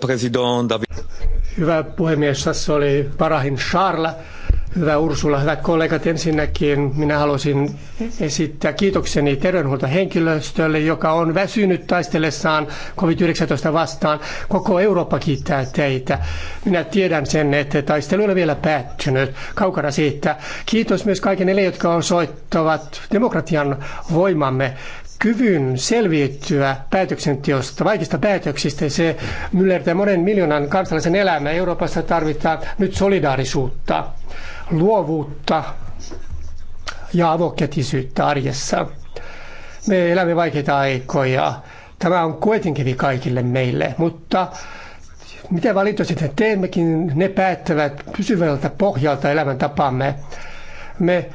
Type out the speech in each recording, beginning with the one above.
President David. Hyvä puhemies, tässä oli Parahin Charles, Hyvä Ursula, hyvät kollegat, ensinnäkin minä haluaisin esittää kiitokseni terveydenhuoltohenkilöstölle, joka on väsynyt taistellessaan COVID-19 vastaan. Koko Eurooppa kiittää teitä. Minä tiedän sen, että taistelu ei vielä päättynyt. Kaukana siitä. Kiitos myös kaikille, jotka osoittavat demokratian voimamme kyvyn selviytyä päätöksenteosta, vaikeista päätöksistä. Se myllertää monen miljoonan kansalaisen elämää. Euroopassa tarvitaan nyt solidaarisuutta, luovuutta ja avokätisyyttä arjessa. Me elämme vaikeita aikoja. Tämä on kuitenkin kaikille meille, mutta mitä valintoja sitten teemmekin, ne päättävät pysyvältä pohjalta elämäntapamme. Me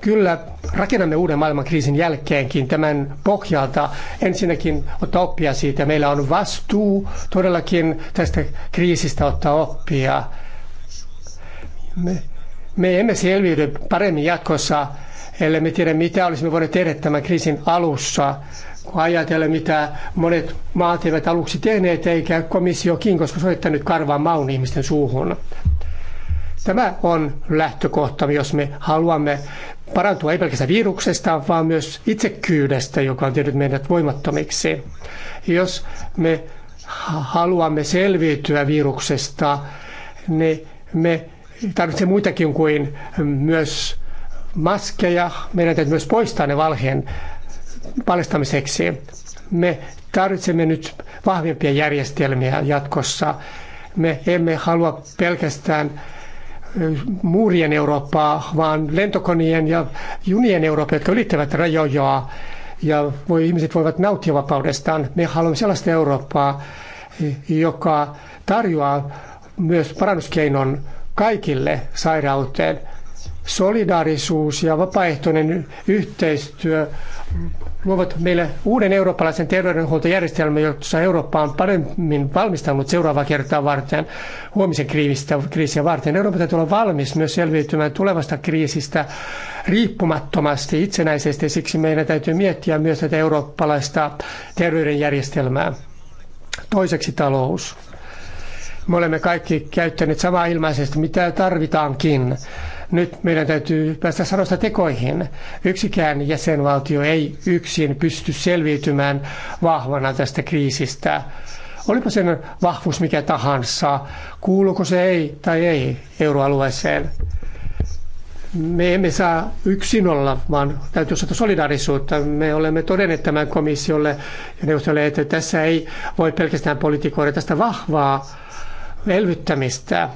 kyllä rakennamme uuden maailman kriisin jälkeenkin tämän pohjalta. Ensinnäkin ottaa oppia siitä. Meillä on vastuu todellakin tästä kriisistä ottaa oppia. Me, me emme selviydy paremmin jatkossa, ellei me tiedä mitä olisimme voineet tehdä tämän kriisin alussa. Kun ajatella, mitä monet maat eivät aluksi tehneet, eikä komissiokin, koska soittanut karvaan maun ihmisten suuhun. Tämä on lähtökohta, jos me haluamme parantua ei pelkästään viruksesta, vaan myös itsekyydestä, joka on tehnyt meidät voimattomiksi. Jos me haluamme selviytyä viruksesta, niin me tarvitsemme muitakin kuin myös maskeja. Meidän täytyy myös poistaa ne valheen paljastamiseksi. Me tarvitsemme nyt vahvempia järjestelmiä jatkossa. Me emme halua pelkästään muurien Eurooppaa, vaan lentokonien ja junien Eurooppaa, jotka ylittävät rajoja ja voi, ihmiset voivat nauttia vapaudestaan. Me haluamme sellaista Eurooppaa, joka tarjoaa myös parannuskeinon kaikille sairauteen – solidaarisuus ja vapaaehtoinen yhteistyö luovat meille uuden eurooppalaisen terveydenhuoltojärjestelmän, jossa Eurooppa on paremmin valmistanut seuraavaa kertaa varten, huomisen kriisistä, kriisiä varten. Eurooppa täytyy olla valmis myös selviytymään tulevasta kriisistä riippumattomasti, itsenäisesti. Siksi meidän täytyy miettiä myös tätä eurooppalaista terveydenjärjestelmää. Toiseksi talous. Me olemme kaikki käyttäneet samaa ilmaisesti, mitä tarvitaankin nyt meidän täytyy päästä sanoista tekoihin. Yksikään jäsenvaltio ei yksin pysty selviytymään vahvana tästä kriisistä. Olipa sen vahvuus mikä tahansa, kuuluuko se ei tai ei euroalueeseen. Me emme saa yksin olla, vaan täytyy osata solidaarisuutta. Me olemme todenneet tämän komissiolle ja neuvostolle, että tässä ei voi pelkästään politikoida tästä vahvaa elvyttämistä.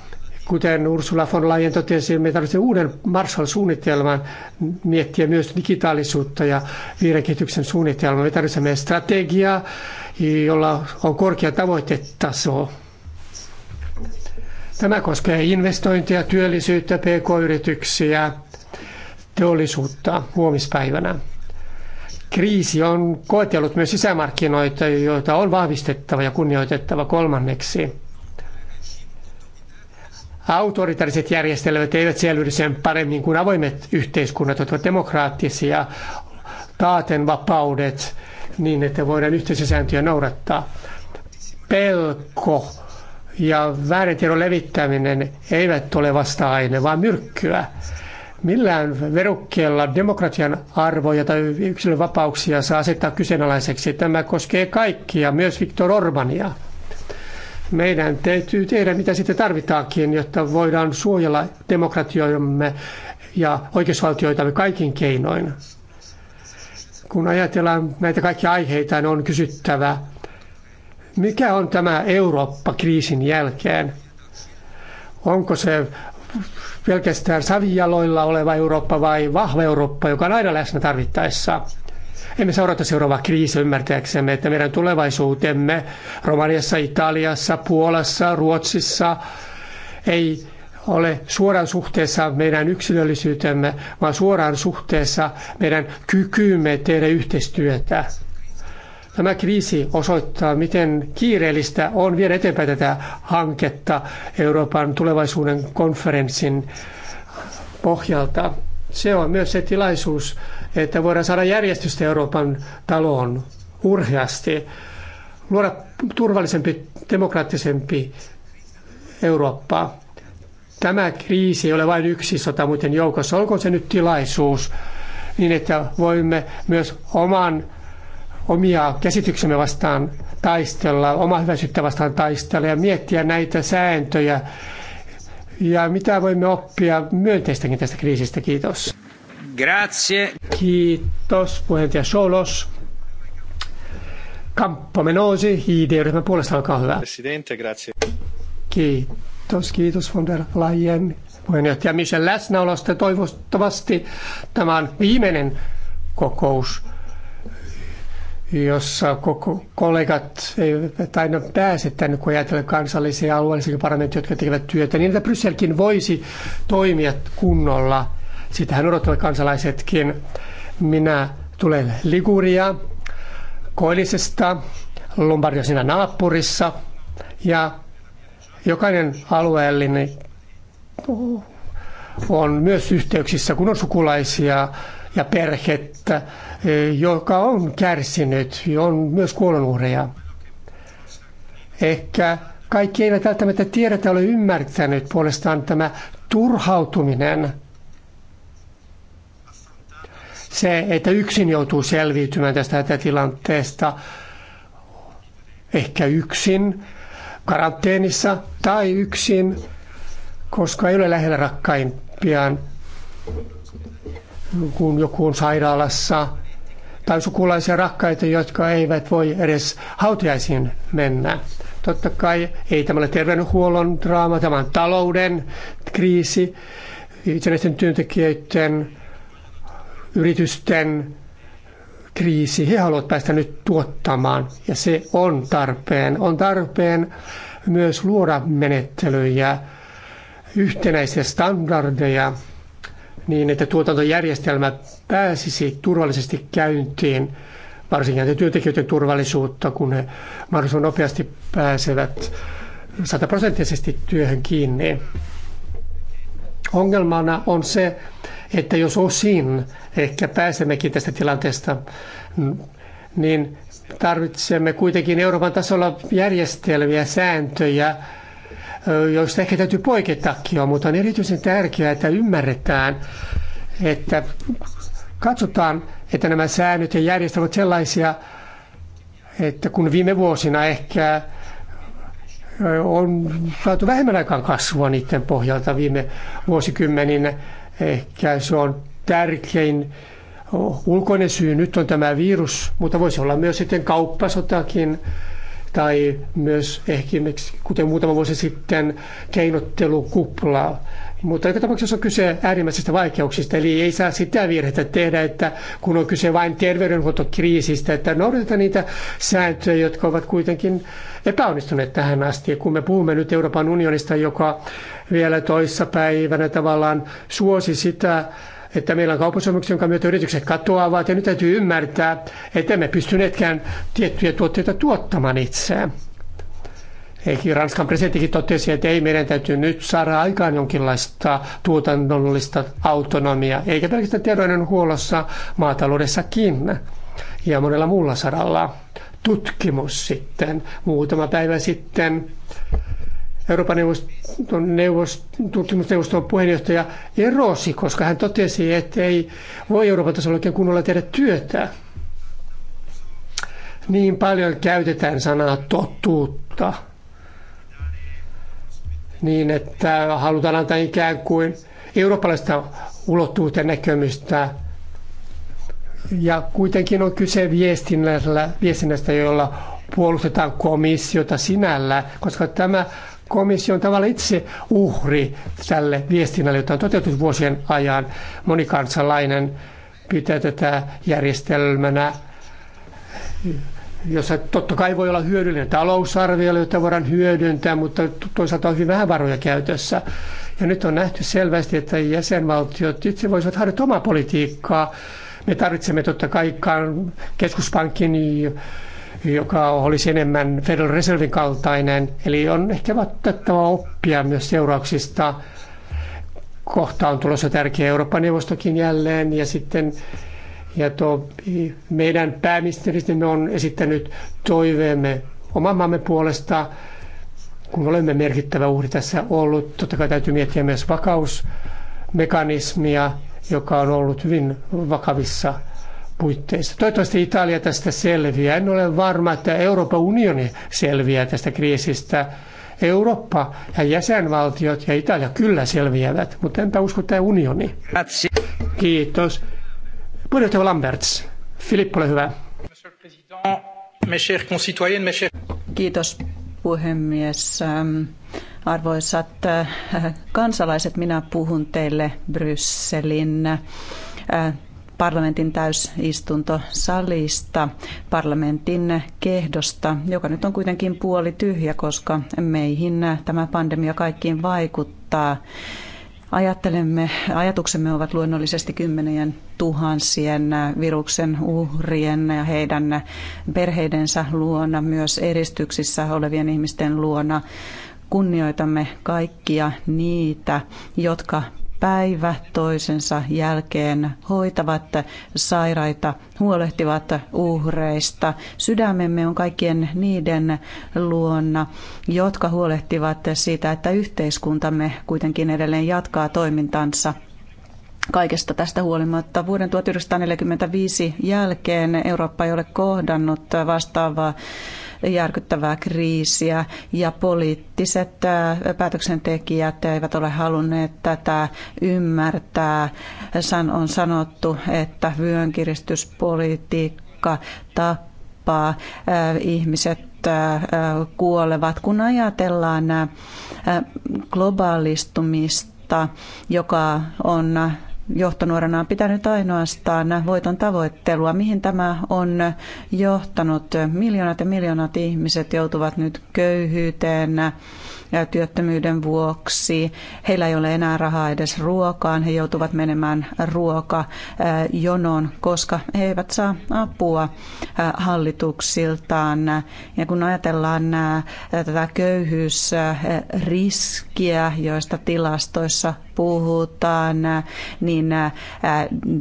Kuten Ursula von Leyen totesi, me tarvitsemme uuden Marshall-suunnitelman miettiä myös digitaalisuutta ja viiden kehityksen suunnitelmaa. Me tarvitsemme strategiaa, jolla on korkea tavoitetaso. Tämä koskee investointeja, työllisyyttä, pk-yrityksiä, teollisuutta huomispäivänä. Kriisi on koetellut myös sisämarkkinoita, joita on vahvistettava ja kunnioitettava kolmanneksi autoritariset järjestelmät eivät selviydy sen paremmin kuin avoimet yhteiskunnat, jotka ovat demokraattisia, taaten vapaudet niin, että voidaan yhteisösääntöjä noudattaa. Pelko ja väärän tiedon levittäminen eivät ole vasta-aine, vaan myrkkyä. Millään verukkeella demokratian arvoja tai yksilön vapauksia saa asettaa kyseenalaiseksi. Tämä koskee kaikkia, myös Viktor Orbania – meidän täytyy tehdä, mitä sitten tarvitaakin, jotta voidaan suojella demokratioimme ja oikeusvaltioitamme kaikin keinoin. Kun ajatellaan näitä kaikkia aiheita, niin on kysyttävä, mikä on tämä Eurooppa kriisin jälkeen? Onko se pelkästään savijaloilla oleva Eurooppa vai vahva Eurooppa, joka on aina läsnä tarvittaessa? Emme seurata seuraavaa kriisiä ymmärtääksemme, että meidän tulevaisuutemme Romaniassa, Italiassa, Puolassa, Ruotsissa ei ole suoraan suhteessa meidän yksilöllisyytemme, vaan suoraan suhteessa meidän kykyymme tehdä yhteistyötä. Tämä kriisi osoittaa, miten kiireellistä on viedä eteenpäin tätä hanketta Euroopan tulevaisuuden konferenssin pohjalta. Se on myös se tilaisuus, että voidaan saada järjestystä Euroopan taloon urheasti, luoda turvallisempi, demokraattisempi Eurooppa. Tämä kriisi ei ole vain yksi sota muiden joukossa, olkoon se nyt tilaisuus, niin että voimme myös oman omia käsityksemme vastaan taistella, oma hyväisyyttä vastaan taistella ja miettiä näitä sääntöjä ja mitä voimme oppia myönteistäkin tästä kriisistä. Kiitos. Grazie. Kiitos puheenjohtaja Solos. Kamppa Menosi, id puolesta, olkaa hyvä. Presidente, grazie. Kiitos, kiitos von der Leyen puheenjohtaja Michel läsnäolosta. Toivottavasti tämä on viimeinen kokous, jossa koko kollegat eivät aina pääse tänne, kun ajatellaan kansallisia ja alueellisia parlamentteja, jotka tekevät työtä, niin että Brysselkin voisi toimia kunnolla – Sitähän odottavat kansalaisetkin. Minä tulen Liguria, Koillisesta, Lombardia siinä naapurissa ja jokainen alueellinen on myös yhteyksissä, kun on sukulaisia ja perhettä, joka on kärsinyt, on myös kuolonuhreja. Ehkä kaikki eivät välttämättä tiedä tai ole ymmärtänyt puolestaan tämä turhautuminen – se, että yksin joutuu selviytymään tästä hätätilanteesta, ehkä yksin karanteenissa tai yksin, koska ei ole lähellä rakkaimpiaan, kun joku on sairaalassa tai sukulaisia rakkaita, jotka eivät voi edes hautajaisiin mennä. Totta kai ei tämä ole terveydenhuollon draama, tämä on talouden kriisi, itsenäisten työntekijöiden yritysten kriisi. He haluavat päästä nyt tuottamaan ja se on tarpeen. On tarpeen myös luoda menettelyjä, yhtenäisiä standardeja niin, että tuotantojärjestelmä pääsisi turvallisesti käyntiin, varsinkin työntekijöiden turvallisuutta, kun he mahdollisimman nopeasti pääsevät sataprosenttisesti työhön kiinni. Ongelmana on se, että jos osin ehkä pääsemmekin tästä tilanteesta, niin tarvitsemme kuitenkin Euroopan tasolla järjestelmiä, sääntöjä, joista ehkä täytyy poikettakin on, mutta on erityisen tärkeää, että ymmärretään, että katsotaan, että nämä säännöt ja järjestelmät sellaisia, että kun viime vuosina ehkä on saatu vähemmän aikaan kasvua niiden pohjalta viime vuosikymmenin Ehkä se on tärkein ulkoinen syy nyt on tämä virus, mutta voisi olla myös sitten kauppasotakin tai myös ehkä, kuten muutama vuosi sitten, keinottelukupla mutta joka tapauksessa on kyse äärimmäisistä vaikeuksista, eli ei saa sitä virhettä tehdä, että kun on kyse vain terveydenhuoltokriisistä, että noudatetaan niitä sääntöjä, jotka ovat kuitenkin epäonnistuneet tähän asti. Kun me puhumme nyt Euroopan unionista, joka vielä toissa päivänä tavallaan suosi sitä, että meillä on kauppasopimuksia, jonka myötä yritykset katoavat, ja nyt täytyy ymmärtää, että emme pystyneetkään tiettyjä tuotteita tuottamaan itseään. Ehkä Ranskan presidenttikin totesi, että ei meidän täytyy nyt saada aikaan jonkinlaista tuotannollista autonomiaa, eikä pelkästään terveydenhuollossa, maataloudessakin ja monella muulla saralla. Tutkimus sitten muutama päivä sitten Euroopan neuvoston, neuvost, tutkimusneuvoston puheenjohtaja erosi, koska hän totesi, että ei voi Euroopan tasolla oikein kunnolla tehdä työtä. Niin paljon käytetään sanaa totuutta niin, että halutaan antaa ikään kuin eurooppalaista ulottuvuutta näkemystä. Ja kuitenkin on kyse viestinnästä, viestinnästä jolla puolustetaan komissiota sinällä, koska tämä komissio on tavallaan itse uhri tälle viestinnälle, jota on toteutettu vuosien ajan. Monikansalainen pitää tätä järjestelmänä jossa totta kai voi olla hyödyllinen talousarvio, jota voidaan hyödyntää, mutta toisaalta on hyvin vähän varoja käytössä. Ja nyt on nähty selvästi, että jäsenvaltiot itse voisivat harjoittaa omaa politiikkaa. Me tarvitsemme totta kai keskuspankin, joka olisi enemmän Federal Reservein kaltainen. Eli on ehkä otettava oppia myös seurauksista. Kohta on tulossa tärkeä Euroopan neuvostokin jälleen ja sitten ja to, meidän pääministeristämme on esittänyt toiveemme oman maamme puolesta, kun olemme merkittävä uhri tässä ollut. Totta kai täytyy miettiä myös vakausmekanismia, joka on ollut hyvin vakavissa puitteissa. Toivottavasti Italia tästä selviää. En ole varma, että Euroopan unioni selviää tästä kriisistä. Eurooppa ja jäsenvaltiot ja Italia kyllä selviävät, mutta enpä usko tämä unioni. Kiitos. Puheenjohtaja Lamberts, Filippo, ole hyvä. Kiitos puhemies. Ähm, arvoisat äh, kansalaiset, minä puhun teille Brysselin äh, parlamentin täysistuntosalista, parlamentin kehdosta, joka nyt on kuitenkin puoli tyhjä, koska meihin äh, tämä pandemia kaikkiin vaikuttaa. Ajattelemme, ajatuksemme ovat luonnollisesti kymmenien tuhansien äh, viruksen uhrien ja heidän perheidensä luona, myös eristyksissä olevien ihmisten luona. Kunnioitamme kaikkia niitä, jotka päivä toisensa jälkeen hoitavat sairaita, huolehtivat uhreista. Sydämemme on kaikkien niiden luonna, jotka huolehtivat siitä, että yhteiskuntamme kuitenkin edelleen jatkaa toimintansa Kaikesta tästä huolimatta vuoden 1945 jälkeen Eurooppa ei ole kohdannut vastaavaa järkyttävää kriisiä ja poliittiset päätöksentekijät eivät ole halunneet tätä ymmärtää. San on sanottu, että vyönkiristyspolitiikka tappaa ihmiset kuolevat. Kun ajatellaan globaalistumista, joka on johtonuorana on pitänyt ainoastaan voiton tavoittelua. Mihin tämä on johtanut? Miljoonat ja miljoonat ihmiset joutuvat nyt köyhyyteen, työttömyyden vuoksi. Heillä ei ole enää rahaa edes ruokaan. He joutuvat menemään ruokajonoon, äh, koska he eivät saa apua äh, hallituksiltaan. Ja kun ajatellaan äh, tätä köyhyysriskiä, joista tilastoissa puhutaan, niin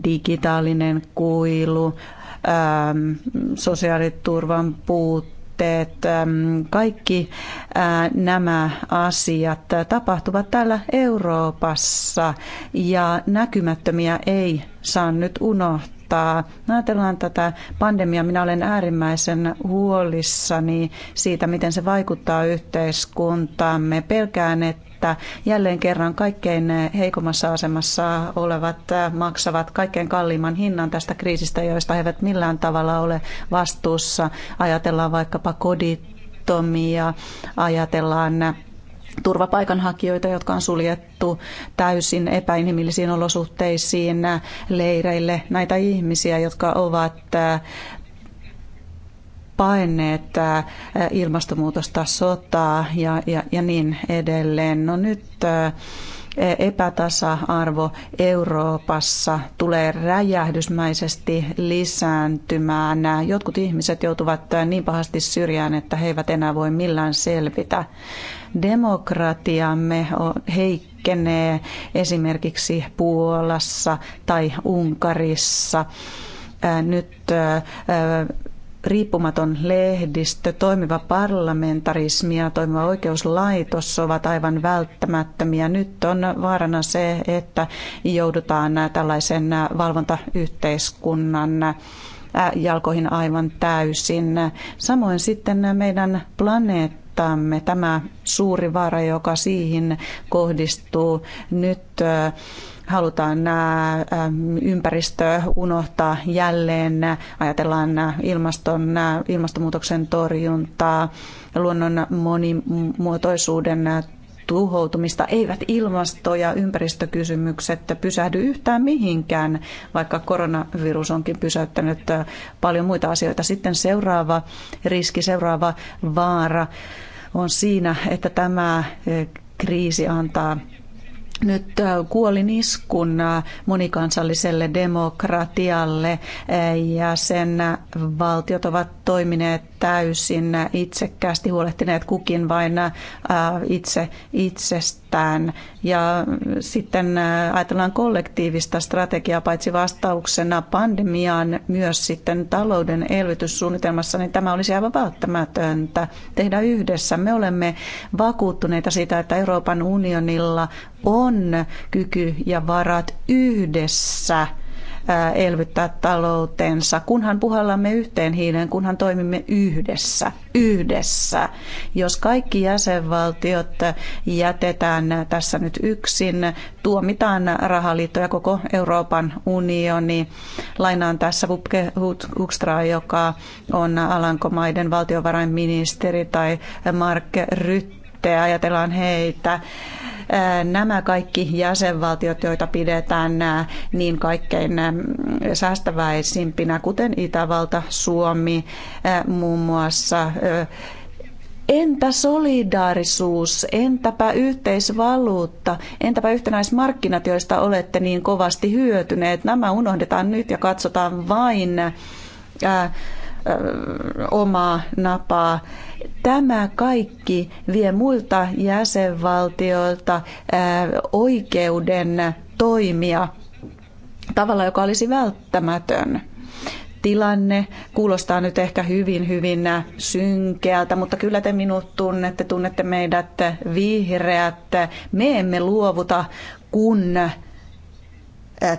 digitaalinen kuilu, ähm, sosiaaliturvan puutteet, puutteet, ähm, kaikki äh, nämä asiat tapahtuvat täällä Euroopassa ja näkymättömiä ei saa nyt unohtaa ajatellaan tätä pandemiaa. Minä olen äärimmäisen huolissani siitä, miten se vaikuttaa yhteiskuntaamme. Pelkään, että että jälleen kerran kaikkein heikommassa asemassa olevat äh, maksavat kaikkein kalliimman hinnan tästä kriisistä, joista he eivät millään tavalla ole vastuussa. Ajatellaan vaikkapa kodittomia, ajatellaan turvapaikanhakijoita, jotka on suljettu täysin epäinhimillisiin olosuhteisiin äh, leireille, näitä ihmisiä, jotka ovat äh, paineet, ilmastonmuutosta, sotaa ja, ja, ja niin edelleen. No nyt epätasa-arvo Euroopassa tulee räjähdysmäisesti lisääntymään. Jotkut ihmiset joutuvat niin pahasti syrjään, että he eivät enää voi millään selvitä. Demokratiamme heikkenee esimerkiksi Puolassa tai Unkarissa. Nyt riippumaton lehdistö, toimiva parlamentarismi ja toimiva oikeuslaitos ovat aivan välttämättömiä. Nyt on vaarana se, että joudutaan tällaisen valvontayhteiskunnan jalkoihin aivan täysin. Samoin sitten meidän planeettamme tämä suuri vaara, joka siihen kohdistuu nyt halutaan ympäristö unohtaa jälleen, ajatellaan ilmaston, ilmastonmuutoksen torjuntaa, luonnon monimuotoisuuden tuhoutumista, eivät ilmasto- ja ympäristökysymykset pysähdy yhtään mihinkään, vaikka koronavirus onkin pysäyttänyt paljon muita asioita. Sitten seuraava riski, seuraava vaara on siinä, että tämä kriisi antaa nyt äh, kuolin iskun äh, monikansalliselle demokratialle äh, ja sen valtiot ovat toimineet täysin itsekkäästi, huolehtineet kukin vain itse itsestä itsestään Ja sitten äh, ajatellaan kollektiivista strategiaa paitsi vastauksena pandemiaan, myös sitten talouden elvytyssuunnitelmassa, niin tämä olisi aivan välttämätöntä tehdä yhdessä. Me olemme vakuuttuneita siitä, että Euroopan unionilla on kyky ja varat yhdessä – elvyttää taloutensa, kunhan puhallamme yhteen hiileen, kunhan toimimme yhdessä. Yhdessä. Jos kaikki jäsenvaltiot jätetään tässä nyt yksin, tuomitaan rahaliitto ja koko Euroopan unioni. Lainaan tässä Wupke Hukstra, joka on Alankomaiden valtiovarainministeri, tai Mark Rytte, ajatellaan heitä nämä kaikki jäsenvaltiot, joita pidetään niin kaikkein säästäväisimpinä, kuten Itävalta, Suomi muun muassa, Entä solidaarisuus, entäpä yhteisvaluutta, entäpä yhtenäismarkkinat, joista olette niin kovasti hyötyneet? Nämä unohdetaan nyt ja katsotaan vain äh, äh, omaa napaa. Tämä kaikki vie muilta jäsenvaltioilta oikeuden toimia tavalla, joka olisi välttämätön tilanne kuulostaa nyt ehkä hyvin, hyvin synkeältä, mutta kyllä te minut tunnette, tunnette meidät vihreät. Me emme luovuta, kun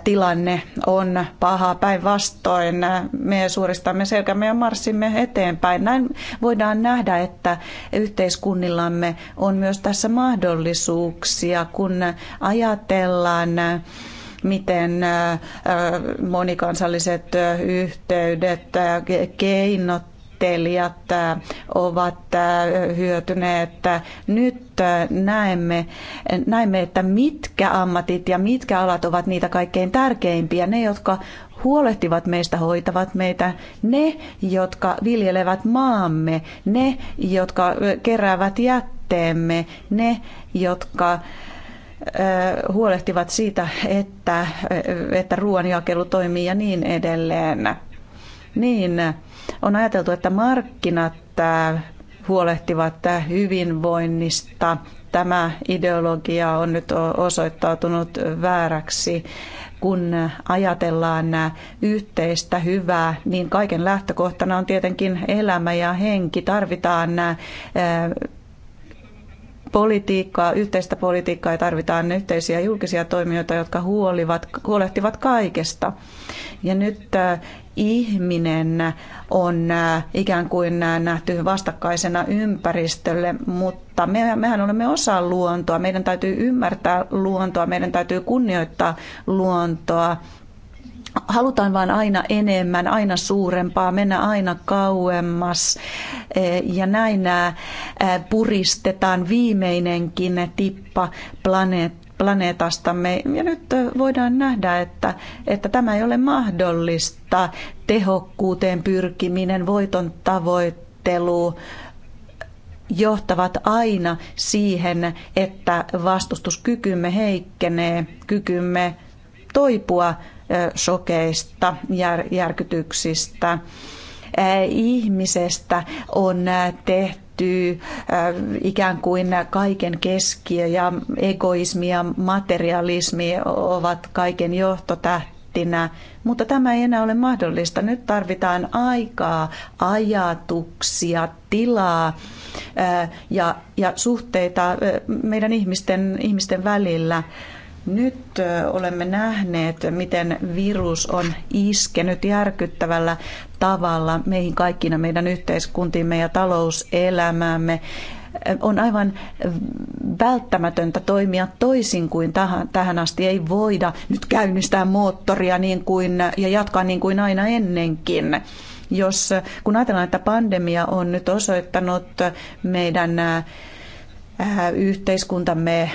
tilanne on paha. Päinvastoin me suoristamme selkämme ja marssimme eteenpäin. Näin voidaan nähdä, että yhteiskunnillamme on myös tässä mahdollisuuksia, kun ajatellaan miten monikansalliset yhteydet, keinot opiskelijat äh, ovat äh, hyötyneet. Nyt äh, näemme, näemme, että mitkä ammatit ja mitkä alat ovat niitä kaikkein tärkeimpiä. Ne, jotka huolehtivat meistä, hoitavat meitä, ne, jotka viljelevät maamme, ne, jotka keräävät jätteemme, ne, jotka huolehtivat siitä, että, että ruoanjakelu toimii ja niin edelleen. Niin, on ajateltu, että markkinat huolehtivat hyvinvoinnista. Tämä ideologia on nyt osoittautunut vääräksi. Kun ajatellaan yhteistä hyvää, niin kaiken lähtökohtana on tietenkin elämä ja henki. Tarvitaan politiikkaa, yhteistä politiikkaa ja tarvitaan yhteisiä julkisia toimijoita, jotka huolivat, huolehtivat kaikesta. Ja nyt ihminen on äh, ikään kuin äh, nähty vastakkaisena ympäristölle, mutta me, mehän olemme osa luontoa. Meidän täytyy ymmärtää luontoa, meidän täytyy kunnioittaa luontoa. Halutaan vain aina enemmän, aina suurempaa, mennä aina kauemmas e, ja näin puristetaan viimeinenkin tippa planeetta planeetastamme. Ja nyt voidaan nähdä, että, että tämä ei ole mahdollista. Tehokkuuteen pyrkiminen, voiton tavoittelu johtavat aina siihen, että vastustuskykymme heikkenee, kykymme toipua sokeista, järkytyksistä ihmisestä on tehty liittyy äh, ikään kuin kaiken keskiö ja egoismi ja materialismi ovat kaiken johtotähtinä, mutta tämä ei enää ole mahdollista. Nyt tarvitaan aikaa, ajatuksia, tilaa äh, ja, ja suhteita äh, meidän ihmisten, ihmisten välillä. Nyt olemme nähneet, miten virus on iskenyt järkyttävällä tavalla meihin kaikkina, meidän yhteiskuntiimme ja talouselämäämme. On aivan välttämätöntä toimia toisin kuin tähän, asti. Ei voida nyt käynnistää moottoria niin kuin, ja jatkaa niin kuin aina ennenkin jos kun ajatellaan, että pandemia on nyt osoittanut meidän Äh, yhteiskuntamme äh,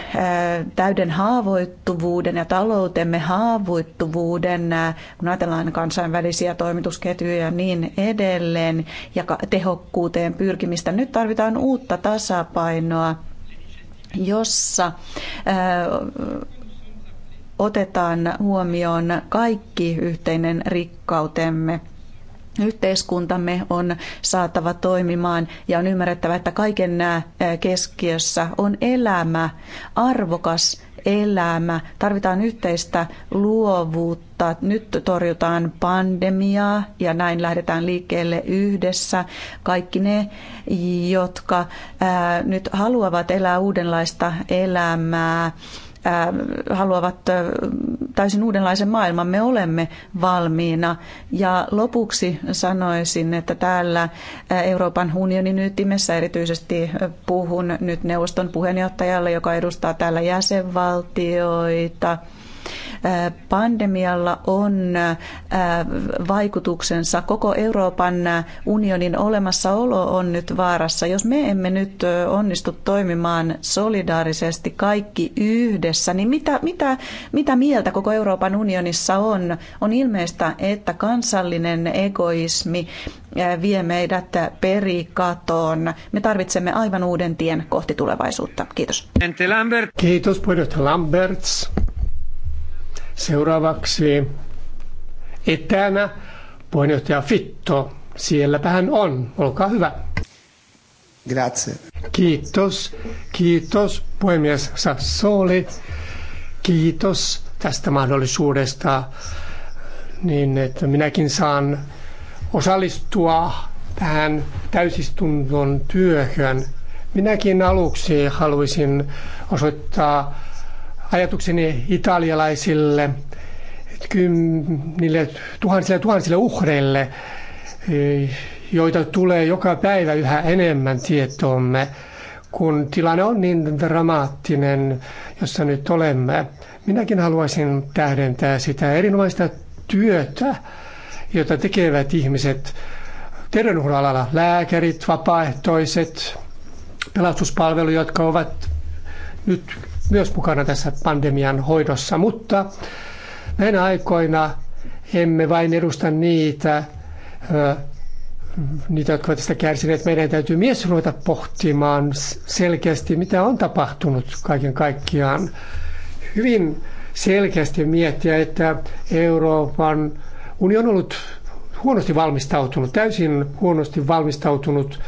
täyden haavoittuvuuden ja taloutemme haavoittuvuuden, äh, kun ajatellaan kansainvälisiä toimitusketjuja ja niin edelleen, ja tehokkuuteen pyrkimistä. Nyt tarvitaan uutta tasapainoa, jossa otetaan huomioon kaikki yhteinen rikkautemme – Yhteiskuntamme on saatava toimimaan ja on ymmärrettävä, että kaiken nämä keskiössä on elämä, arvokas elämä. Tarvitaan yhteistä luovuutta. Nyt torjutaan pandemiaa ja näin lähdetään liikkeelle yhdessä. Kaikki ne, jotka ää, nyt haluavat elää uudenlaista elämää, haluavat täysin uudenlaisen maailman. Me olemme valmiina. Ja lopuksi sanoisin, että täällä Euroopan unionin ytimessä erityisesti puhun nyt neuvoston puheenjohtajalle, joka edustaa täällä jäsenvaltioita – Pandemialla on vaikutuksensa. Koko Euroopan unionin olemassaolo on nyt vaarassa. Jos me emme nyt onnistu toimimaan solidaarisesti kaikki yhdessä, niin mitä, mitä, mitä mieltä koko Euroopan unionissa on? On ilmeistä, että kansallinen egoismi vie meidät perikatoon. Me tarvitsemme aivan uuden tien kohti tulevaisuutta. Kiitos. Kiitos, puheenjohtaja Lamberts. Seuraavaksi etänä puheenjohtaja Fitto. Sielläpä hän on. Olkaa hyvä. Grazie. Kiitos. Kiitos puhemies Sassoli. Kiitos tästä mahdollisuudesta, niin että minäkin saan osallistua tähän täysistunnon työhön. Minäkin aluksi haluaisin osoittaa ajatukseni italialaisille kymmenille tuhansille tuhansille uhreille, eh, joita tulee joka päivä yhä enemmän tietoomme, kun tilanne on niin dramaattinen, jossa nyt olemme. Minäkin haluaisin tähdentää sitä erinomaista työtä, jota tekevät ihmiset terveydenhuollon lääkärit, vapaaehtoiset, pelastuspalvelu, jotka ovat nyt myös mukana tässä pandemian hoidossa, mutta näinä aikoina emme vain edusta niitä, niitä, jotka ovat tästä kärsineet. Meidän täytyy myös ruveta pohtimaan selkeästi, mitä on tapahtunut kaiken kaikkiaan. Hyvin selkeästi miettiä, että Euroopan unioni on ollut huonosti valmistautunut, täysin huonosti valmistautunut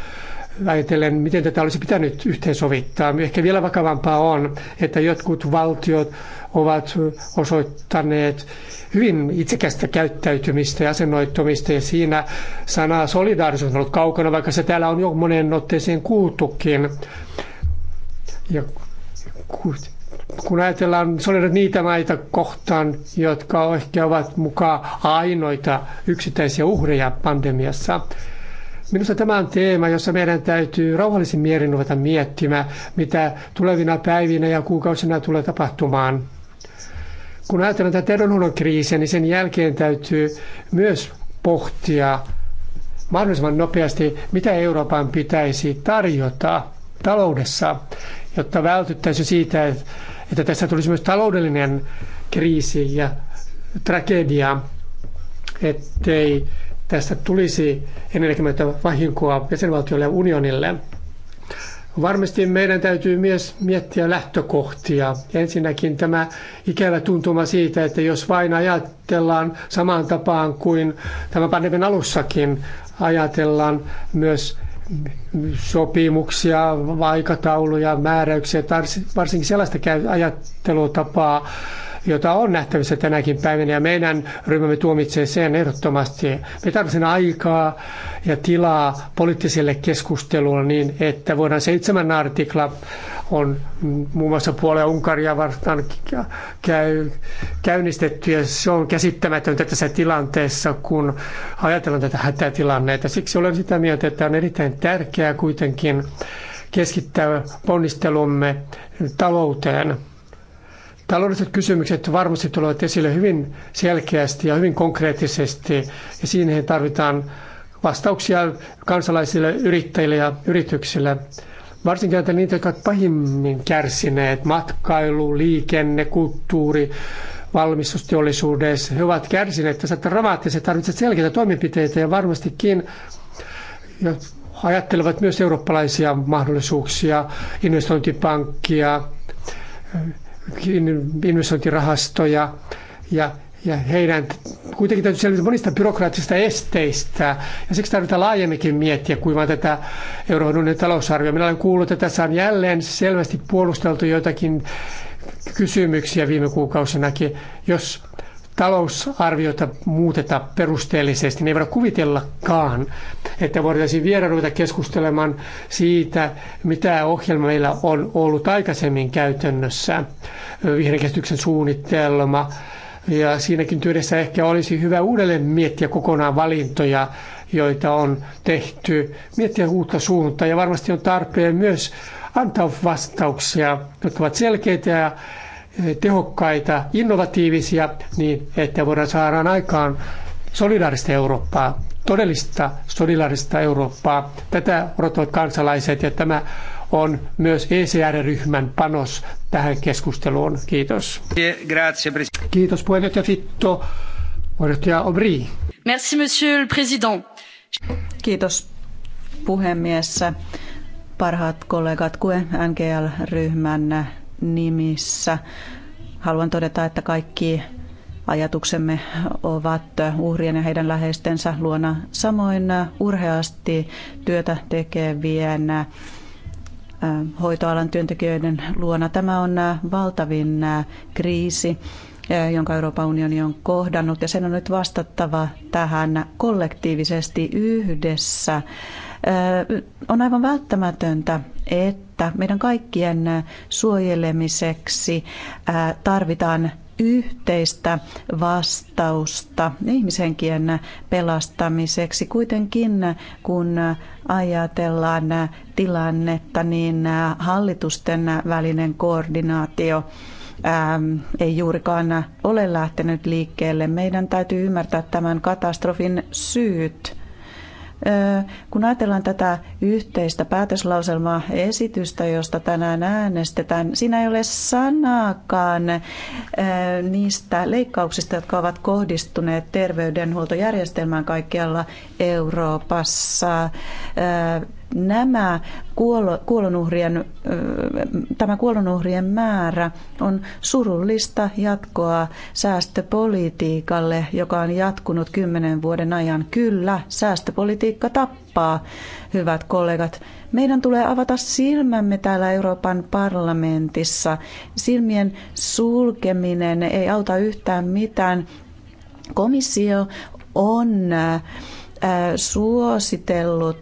väitellen, miten tätä olisi pitänyt yhteensovittaa. Ehkä vielä vakavampaa on, että jotkut valtiot ovat osoittaneet hyvin itsekästä käyttäytymistä ja asennoittumista, ja siinä sana solidaarisuus on ollut kaukana, vaikka se täällä on jo monen otteeseen kuultukin. Ja kun ajatellaan solidaarisuutta niitä maita kohtaan, jotka ehkä ovat mukaan ainoita yksittäisiä uhreja pandemiassa, Minusta tämä on teema, jossa meidän täytyy rauhallisin mielin ruveta miettimään, mitä tulevina päivinä ja kuukausina tulee tapahtumaan. Kun ajatellaan tätä terveydenhuollon kriisiä, niin sen jälkeen täytyy myös pohtia mahdollisimman nopeasti, mitä Euroopan pitäisi tarjota taloudessa, jotta vältyttäisiin siitä, että tässä tulisi myös taloudellinen kriisi ja tragedia, ettei tästä tulisi energiamättä vahinkoa jäsenvaltiolle ja unionille. Varmasti meidän täytyy myös miettiä lähtökohtia. Ensinnäkin tämä ikävä tuntuma siitä, että jos vain ajatellaan samaan tapaan kuin tämän pandemian alussakin, ajatellaan myös sopimuksia, aikatauluja, määräyksiä, varsinkin sellaista ajattelutapaa, jota on nähtävissä tänäkin päivänä, ja meidän ryhmämme tuomitsee sen ehdottomasti. Me tarvitsemme aikaa ja tilaa poliittiselle keskustelulle niin, että voidaan seitsemän artikla on muun muassa puolella Unkaria vastaan käy, käynnistetty, ja se on käsittämätöntä tässä tilanteessa, kun ajatellaan tätä hätätilannetta. Siksi olen sitä mieltä, että on erittäin tärkeää kuitenkin keskittää ponnistelumme talouteen Taloudelliset kysymykset varmasti tulevat esille hyvin selkeästi ja hyvin konkreettisesti, ja siihen tarvitaan vastauksia kansalaisille, yrittäjille ja yrityksille. Varsinkin että niitä, jotka ovat pahimmin kärsineet, matkailu, liikenne, kulttuuri, valmistusteollisuudessa. He ovat kärsineet tässä dramaattisesti, tarvitsevat selkeitä toimenpiteitä ja varmastikin ja ajattelevat myös eurooppalaisia mahdollisuuksia, investointipankkia, investointirahastoja ja, ja heidän kuitenkin täytyy selvitä monista byrokraattisista esteistä ja siksi tarvitaan laajemminkin miettiä kuin vain tätä eurohdunnen talousarvioa. Minä olen kuullut, että tässä on jälleen selvästi puolusteltu joitakin kysymyksiä viime kuukausinakin. Jos talousarviota muuteta perusteellisesti, niin ei voida kuvitellakaan, että voitaisiin vielä ruveta keskustelemaan siitä, mitä ohjelma meillä on ollut aikaisemmin käytännössä. Vihreän suunnitelma, ja siinäkin työdessä ehkä olisi hyvä uudelleen miettiä kokonaan valintoja, joita on tehty, miettiä uutta suuntaa ja varmasti on tarpeen myös antaa vastauksia, jotka ovat selkeitä ja tehokkaita, innovatiivisia, niin että voidaan saada aikaan solidaarista Eurooppaa, todellista solidaarista Eurooppaa. Tätä odottavat kansalaiset ja tämä on myös ECR-ryhmän panos tähän keskusteluun. Kiitos. Kiitos puheenjohtaja Fitto. Puheenjohtaja Obri. Merci, monsieur le président. Kiitos puhemies. Parhaat kollegat, kuin NGL-ryhmän nimissä. Haluan todeta, että kaikki ajatuksemme ovat uhrien ja heidän läheistensä luona. Samoin äh, urheasti työtä tekevien äh, hoitoalan työntekijöiden luona. Tämä on äh, valtavin kriisi, jonka Euroopan unioni on kohdannut ja sen on nyt vastattava tähän kollektiivisesti yhdessä. On aivan välttämätöntä että meidän kaikkien suojelemiseksi tarvitaan yhteistä vastausta ihmisenkien pelastamiseksi. Kuitenkin kun ajatellaan tilannetta, niin hallitusten välinen koordinaatio ei juurikaan ole lähtenyt liikkeelle. Meidän täytyy ymmärtää tämän katastrofin syyt kun ajatellaan tätä yhteistä päätöslauselmaa esitystä, josta tänään äänestetään, siinä ei ole sanaakaan niistä leikkauksista, jotka ovat kohdistuneet terveydenhuoltojärjestelmään kaikkialla Euroopassa nämä kuolonuhrien, tämä kuolonuhrien määrä on surullista jatkoa säästöpolitiikalle, joka on jatkunut kymmenen vuoden ajan. Kyllä, säästöpolitiikka tappaa, hyvät kollegat. Meidän tulee avata silmämme täällä Euroopan parlamentissa. Silmien sulkeminen ei auta yhtään mitään. Komissio on suositellut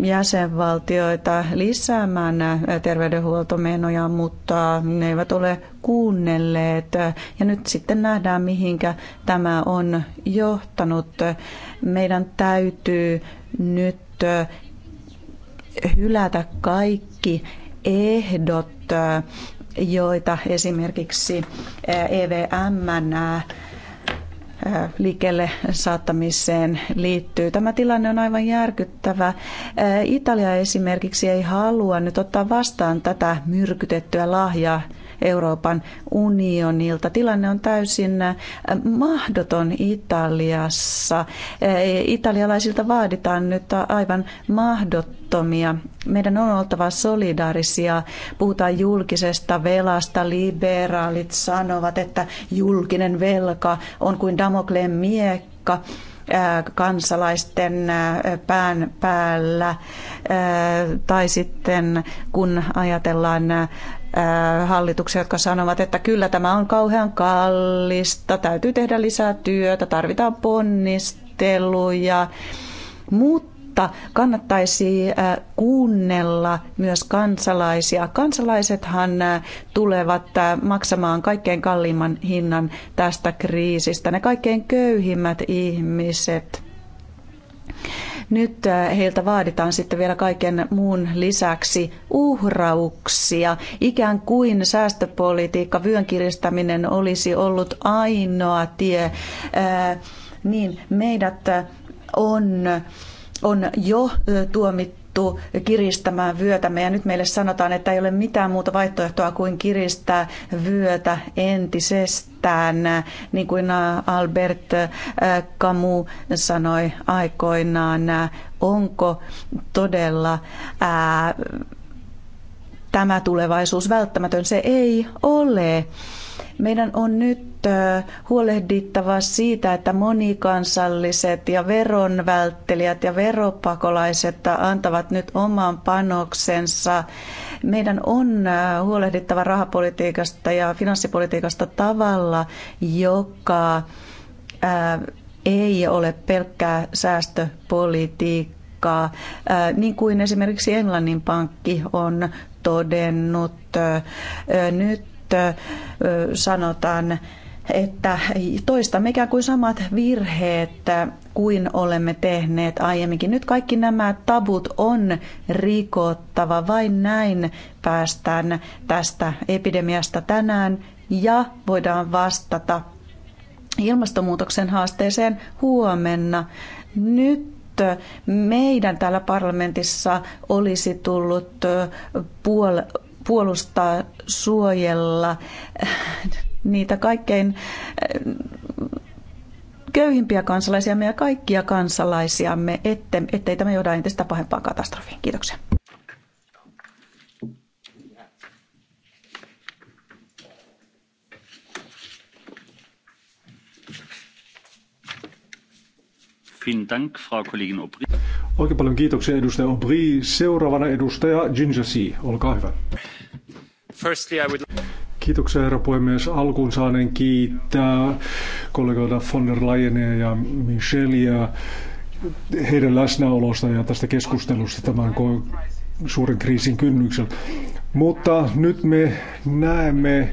jäsenvaltioita lisäämään terveydenhuoltomenoja, mutta ne eivät ole kuunnelleet. Ja nyt sitten nähdään, mihinkä tämä on johtanut. Meidän täytyy nyt hylätä kaikki ehdot, joita esimerkiksi EVM Äh, liikkeelle saattamiseen liittyy. Tämä tilanne on aivan järkyttävä. Äh, Italia esimerkiksi ei halua nyt ottaa vastaan tätä myrkytettyä lahjaa Euroopan unionilta. Tilanne on täysin äh, mahdoton Italiassa. Äh, italialaisilta vaaditaan nyt aivan mahdottomia. Meidän on oltava solidaarisia. Puhutaan julkisesta velasta. Liberaalit sanovat, että julkinen velka on kuin Damokleen miekka äh, kansalaisten pään päällä. Tai sitten kun ajatellaan hallituksia, jotka sanovat, että kyllä tämä on kauhean kallista, täytyy tehdä lisää työtä, tarvitaan ponnisteluja, mutta kannattaisi kuunnella myös kansalaisia. Kansalaisethan tulevat maksamaan kaikkein kalliimman hinnan tästä kriisistä, ne kaikkein köyhimmät ihmiset – nyt äh, heiltä vaaditaan sitten vielä kaiken muun lisäksi uhrauksia, ikään kuin säästöpolitiikka, vyön kiristäminen olisi ollut ainoa tie. Äh, niin meidät äh, on on jo tuomittu totuttu kiristämään vyötämme ja nyt meille sanotaan, että ei ole mitään muuta vaihtoehtoa kuin kiristää vyötä entisestään, niin kuin Albert äh, Camus sanoi aikoinaan. Onko todella ää, äh, tämä tulevaisuus välttämätön? Se ei ole. Meidän on nyt huolehdittava siitä, että monikansalliset ja veronvälttelijät ja veropakolaiset antavat nyt oman panoksensa. Meidän on huolehdittava rahapolitiikasta ja finanssipolitiikasta tavalla, joka ei ole pelkkää säästöpolitiikkaa, niin kuin esimerkiksi Englannin pankki on todennut. Nyt sanotaan että toistamme ikään kuin samat virheet kuin olemme tehneet aiemminkin. Nyt kaikki nämä tabut on rikottava, vain näin päästään tästä epidemiasta tänään ja voidaan vastata ilmastonmuutoksen haasteeseen huomenna. Nyt meidän täällä parlamentissa olisi tullut puol- puolustaa, suojella niitä kaikkein eh, köyhimpiä kansalaisiamme ja kaikkia kansalaisiamme, ette, ettei tämä johda entistä pahempaan katastrofiin. Kiitoksia. Oikein paljon kiitoksia edustaja Aubry. Seuraavana edustaja Ginger C. Olkaa hyvä. Firstly, I would... Kiitoksia herra puhemies. Alkuun saanen kiittää kollegoita von der Leyenia ja Michelia heidän läsnäolosta ja tästä keskustelusta tämän suuren kriisin kynnyksellä. Mutta nyt me näemme,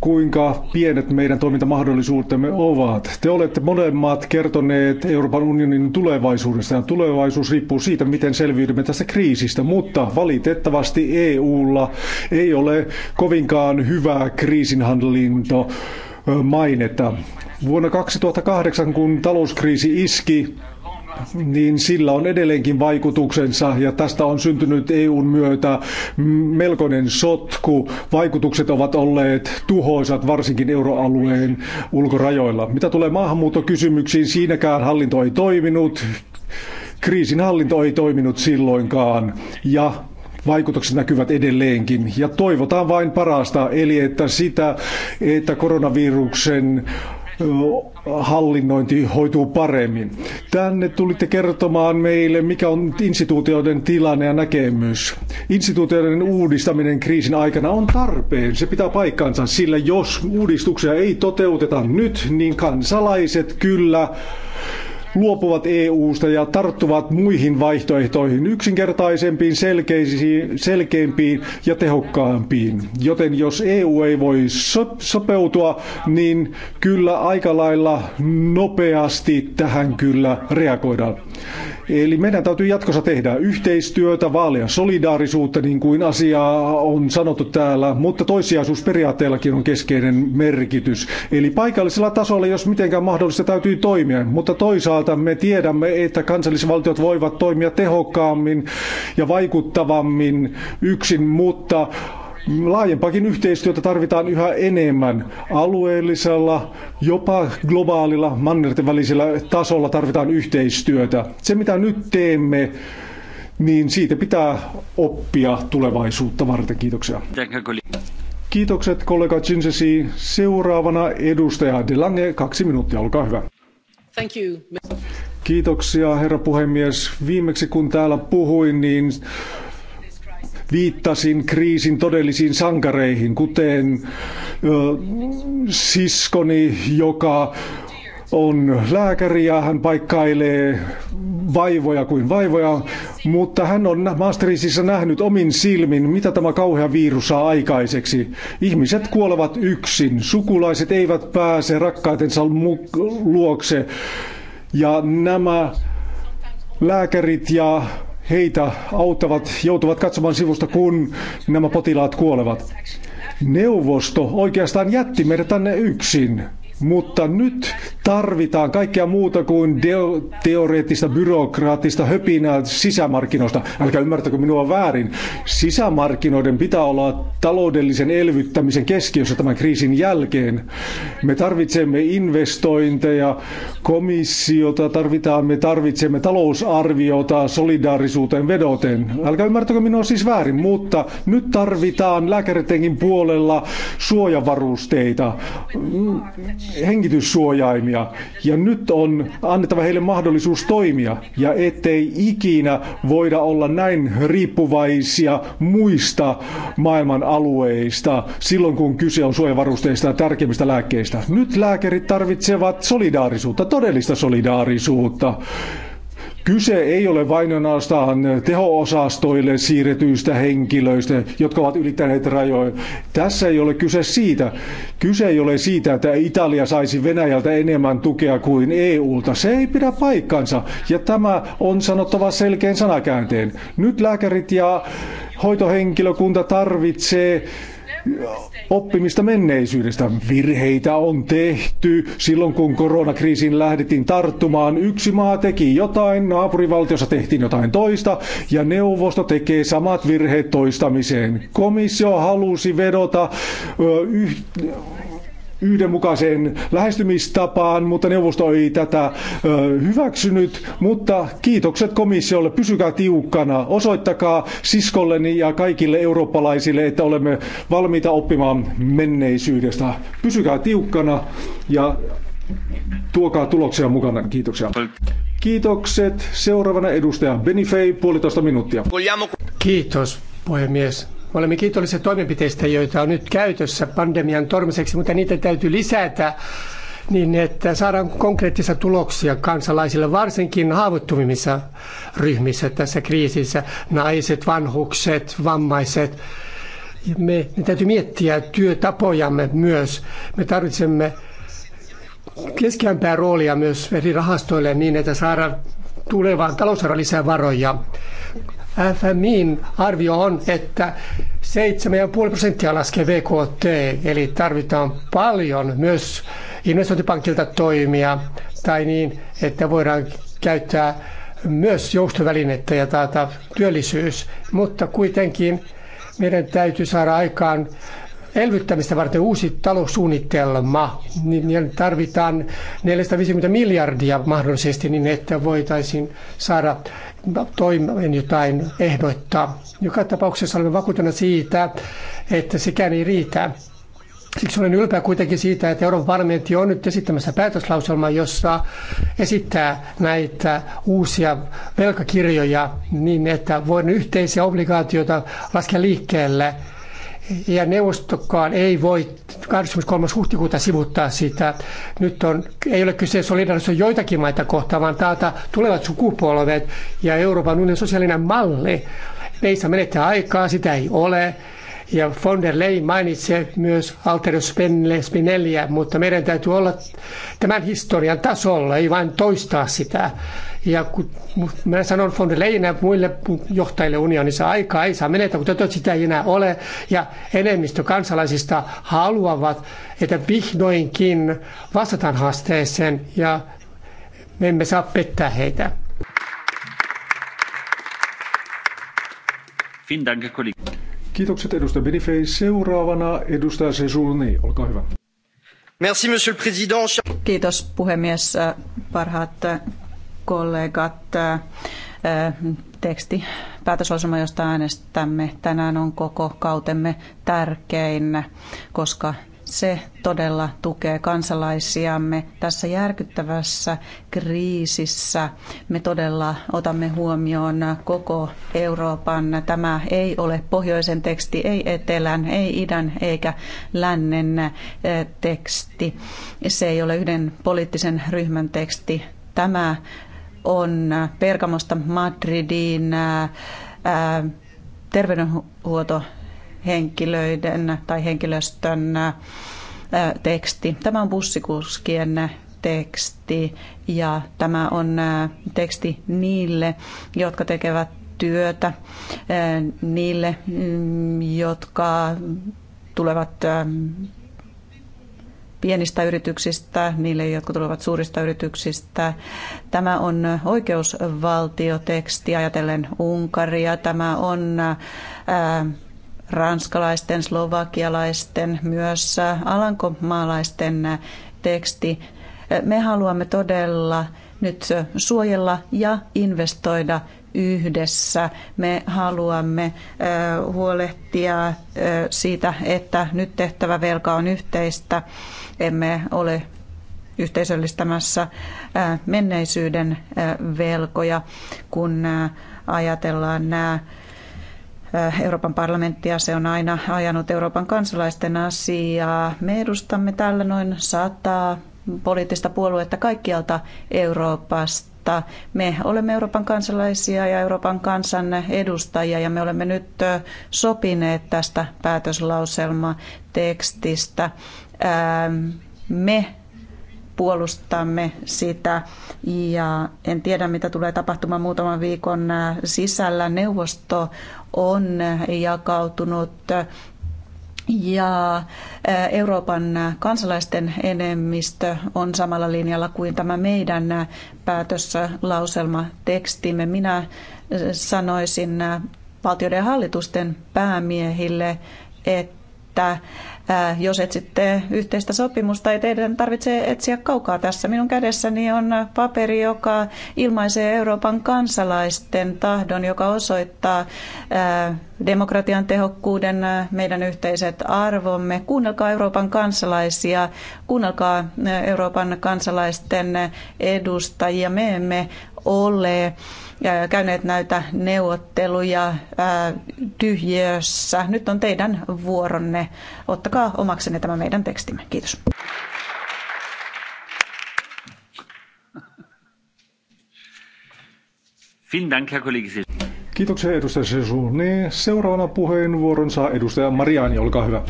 kuinka pienet meidän toimintamahdollisuutemme ovat. Te olette molemmat kertoneet Euroopan unionin tulevaisuudesta ja tulevaisuus riippuu siitä, miten selviydymme tästä kriisistä. Mutta valitettavasti EUlla ei ole kovinkaan hyvää kriisinhallinto mainetta. Vuonna 2008, kun talouskriisi iski, niin sillä on edelleenkin vaikutuksensa ja tästä on syntynyt EUn myötä melkoinen sotku. Vaikutukset ovat olleet tuhoisat varsinkin euroalueen ulkorajoilla. Mitä tulee maahanmuuttokysymyksiin, siinäkään hallinto ei toiminut. Kriisin hallinto ei toiminut silloinkaan ja vaikutukset näkyvät edelleenkin. Ja toivotaan vain parasta, eli että sitä, että koronaviruksen hallinnointi hoituu paremmin. Tänne tulitte kertomaan meille, mikä on instituutioiden tilanne ja näkemys. Instituutioiden uudistaminen kriisin aikana on tarpeen, se pitää paikkansa, sillä jos uudistuksia ei toteuteta nyt, niin kansalaiset kyllä luopuvat EU-sta ja tarttuvat muihin vaihtoehtoihin, yksinkertaisempiin, selkeimpiin ja tehokkaampiin. Joten jos EU ei voi sopeutua, niin kyllä aika lailla nopeasti tähän kyllä reagoidaan. Eli meidän täytyy jatkossa tehdä yhteistyötä, vaalia solidaarisuutta, niin kuin asiaa on sanottu täällä, mutta toissijaisuusperiaatteellakin on keskeinen merkitys. Eli paikallisella tasolla, jos mitenkään mahdollista, täytyy toimia, mutta toisaalta toisaalta me tiedämme, että kansallisvaltiot voivat toimia tehokkaammin ja vaikuttavammin yksin, mutta laajempakin yhteistyötä tarvitaan yhä enemmän. Alueellisella, jopa globaalilla, mannerten välisellä tasolla tarvitaan yhteistyötä. Se mitä nyt teemme, niin siitä pitää oppia tulevaisuutta varten. Kiitoksia. Kiitokset kollega Cinsesi. Seuraavana edustaja Lange, kaksi minuuttia, olkaa hyvä. Thank you. Kiitoksia, herra puhemies. Viimeksi kun täällä puhuin, niin viittasin kriisin todellisiin sankareihin, kuten ö, siskoni, joka on lääkäri ja hän paikkailee vaivoja kuin vaivoja, mutta hän on maastrisissa nähnyt omin silmin, mitä tämä kauhea virus saa aikaiseksi. Ihmiset kuolevat yksin, sukulaiset eivät pääse rakkaitensa luokse ja nämä lääkärit ja heitä auttavat joutuvat katsomaan sivusta, kun nämä potilaat kuolevat. Neuvosto oikeastaan jätti meidät tänne yksin. Mutta nyt tarvitaan kaikkea muuta kuin teoreettista byrokraattista höpinää sisämarkkinoista. Älkää ymmärtäkö minua väärin. Sisämarkkinoiden pitää olla taloudellisen elvyttämisen keskiössä tämän kriisin jälkeen. Me tarvitsemme investointeja, komissiota tarvitaan, me tarvitsemme talousarviota solidaarisuuteen vedoten. Älkää ymmärtäkö minua siis väärin, mutta nyt tarvitaan lääkäritenkin puolella suojavarusteita mm hengityssuojaimia ja nyt on annettava heille mahdollisuus toimia ja ettei ikinä voida olla näin riippuvaisia muista maailman alueista silloin kun kyse on suojavarusteista ja tärkeimmistä lääkkeistä. Nyt lääkärit tarvitsevat solidaarisuutta, todellista solidaarisuutta. Kyse ei ole vain ainoastaan teho-osastoille siirretyistä henkilöistä, jotka ovat ylittäneet rajoja. Tässä ei ole kyse siitä. Kyse ei ole siitä, että Italia saisi Venäjältä enemmän tukea kuin EUlta. Se ei pidä paikkansa. Ja tämä on sanottava selkeän sanakäänteen. Nyt lääkärit ja hoitohenkilökunta tarvitsee oppimista menneisyydestä. Virheitä on tehty. Silloin kun koronakriisiin lähdettiin tarttumaan, yksi maa teki jotain, naapurivaltiossa tehtiin jotain toista, ja neuvosto tekee samat virheet toistamiseen. Komissio halusi vedota ö, yh, yhdenmukaiseen lähestymistapaan, mutta neuvosto ei tätä hyväksynyt. Mutta kiitokset komissiolle, pysykää tiukkana, osoittakaa siskolleni ja kaikille eurooppalaisille, että olemme valmiita oppimaan menneisyydestä. Pysykää tiukkana ja tuokaa tuloksia mukana. Kiitoksia. Kiitokset. Seuraavana edustaja Benifei, puolitoista minuuttia. Kiitos, puhemies. Olemme kiitollisia toimenpiteistä, joita on nyt käytössä pandemian torjumiseksi, mutta niitä täytyy lisätä niin, että saadaan konkreettisia tuloksia kansalaisille, varsinkin haavoittuvimmissa ryhmissä tässä kriisissä, naiset, vanhukset, vammaiset. Me, me täytyy miettiä työtapojamme myös. Me tarvitsemme keskeämpää roolia myös eri rahastoille niin, että saadaan tulevaan talousarvoon lisää varoja. FMIin arvio on, että 7,5 prosenttia laskee VKT, eli tarvitaan paljon myös investointipankilta toimia, tai niin, että voidaan käyttää myös joustovälinettä ja taata työllisyys, mutta kuitenkin meidän täytyy saada aikaan elvyttämistä varten uusi taloussuunnitelma, niin, niin tarvitaan 450 miljardia mahdollisesti, niin että voitaisiin saada toimin jotain ehdoittaa. Joka tapauksessa olemme vakuutena siitä, että sekään ei riitä. Siksi olen ylpeä kuitenkin siitä, että Euroopan parlamentti on nyt esittämässä päätöslauselmaa, jossa esittää näitä uusia velkakirjoja niin, että voidaan yhteisiä obligaatioita laskea liikkeelle – ja neuvostokaan ei voi 23. huhtikuuta sivuttaa sitä. Nyt on, ei ole kyse solidarisuus joitakin maita kohtaan, vaan taata tulevat sukupolvet ja Euroopan unionin sosiaalinen malli. Meissä menettää aikaa, sitä ei ole. Ja von der Leyen mainitsi myös Alterio Spinelliä, mutta meidän täytyy olla tämän historian tasolla, ei vain toistaa sitä. Ja kun minä sanon von der Leyen ja muille johtajille unionissa, aikaa ei saa menetä, kun tätä sitä ei enää ole. Ja enemmistö kansalaisista haluavat, että vihdoinkin vastataan haasteeseen ja me emme saa pettää heitä. Vielen Dank, Herr Kollege. Kiitokset edustaja Benifei. Seuraavana edustaja Sesulni, niin, olkaa hyvä. Merci, monsieur le président. Kiitos puhemies, parhaat äh, kollegat. Äh, äh, teksti päätöslauselma, josta äänestämme tänään, on koko kautemme tärkein, koska se todella tukee kansalaisiamme tässä järkyttävässä kriisissä. Me todella otamme huomioon koko Euroopan. Tämä ei ole pohjoisen teksti, ei etelän, ei idän eikä lännen eh, teksti. Se ei ole yhden poliittisen ryhmän teksti. Tämä on Pergamosta Madridin eh, eh, terveydenhuolto henkilöiden tai henkilöstön teksti. Tämä on bussikuskien teksti ja tämä on teksti niille, jotka tekevät työtä, niille, mm, jotka tulevat pienistä yrityksistä, niille, jotka tulevat suurista yrityksistä. Tämä on oikeusvaltioteksti ajatellen Unkaria. Tämä on ranskalaisten, slovakialaisten, myös alankomaalaisten teksti. Me haluamme todella nyt suojella ja investoida yhdessä. Me haluamme huolehtia siitä, että nyt tehtävä velka on yhteistä. Emme ole yhteisöllistämässä menneisyyden velkoja, kun ajatellaan nämä Euroopan parlamenttia. Se on aina ajanut Euroopan kansalaisten asiaa. Me edustamme täällä noin sataa poliittista puoluetta kaikkialta Euroopasta me olemme Euroopan kansalaisia ja Euroopan kansan edustajia ja me olemme nyt sopineet tästä päätöslauselmatekstistä. Me puolustamme sitä ja en tiedä mitä tulee tapahtumaan muutaman viikon sisällä. Neuvosto on jakautunut ja eh, Euroopan kansalaisten enemmistö on samalla linjalla kuin tämä meidän päätöslauselmatekstimme. Minä eh, sanoisin eh, valtioiden hallitusten päämiehille, että Äh, jos etsitte yhteistä sopimusta, ei teidän tarvitse etsiä kaukaa tässä. Minun kädessäni on paperi, joka ilmaisee Euroopan kansalaisten tahdon, joka osoittaa äh, demokratian tehokkuuden, äh, meidän yhteiset arvomme. Kuunnelkaa Euroopan kansalaisia, kuunnelkaa Euroopan kansalaisten edustajia. Me emme ole ja käyneet näitä neuvotteluja tyhjössä. Nyt on teidän vuoronne. Ottakaa omaksenne tämä meidän tekstimme. Kiitos. Kiitoksia edustaja Sesu. Niin, seuraavana puheenvuoron saa edustaja Mariani, olkaa hyvä.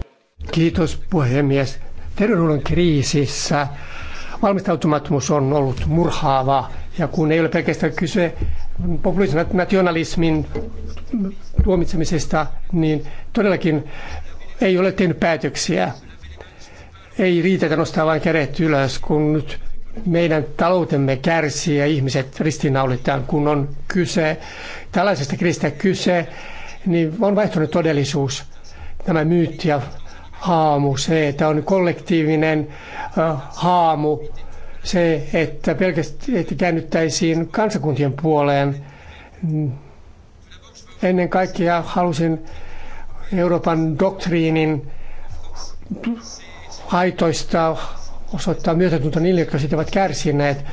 Kiitos puhemies. Terveydenhuollon kriisissä valmistautumattomuus on ollut murhaava ja kun ei ole pelkästään kyse populismin nationalismin tuomitsemisesta, niin todellakin ei ole tehnyt päätöksiä. Ei riitä, että nostaa vain kädet ylös, kun nyt meidän taloutemme kärsii ja ihmiset ristinnaulitaan, kun on kyse tällaisesta kristä kyse, niin on vaihtunut todellisuus. Tämä myytti ja haamu, se, että on kollektiivinen haamu, se, että pelkästään että käännyttäisiin kansakuntien puoleen. Ennen kaikkea halusin Euroopan doktriinin haitoista osoittaa myötätunto niille, jotka sitä ovat kärsineet.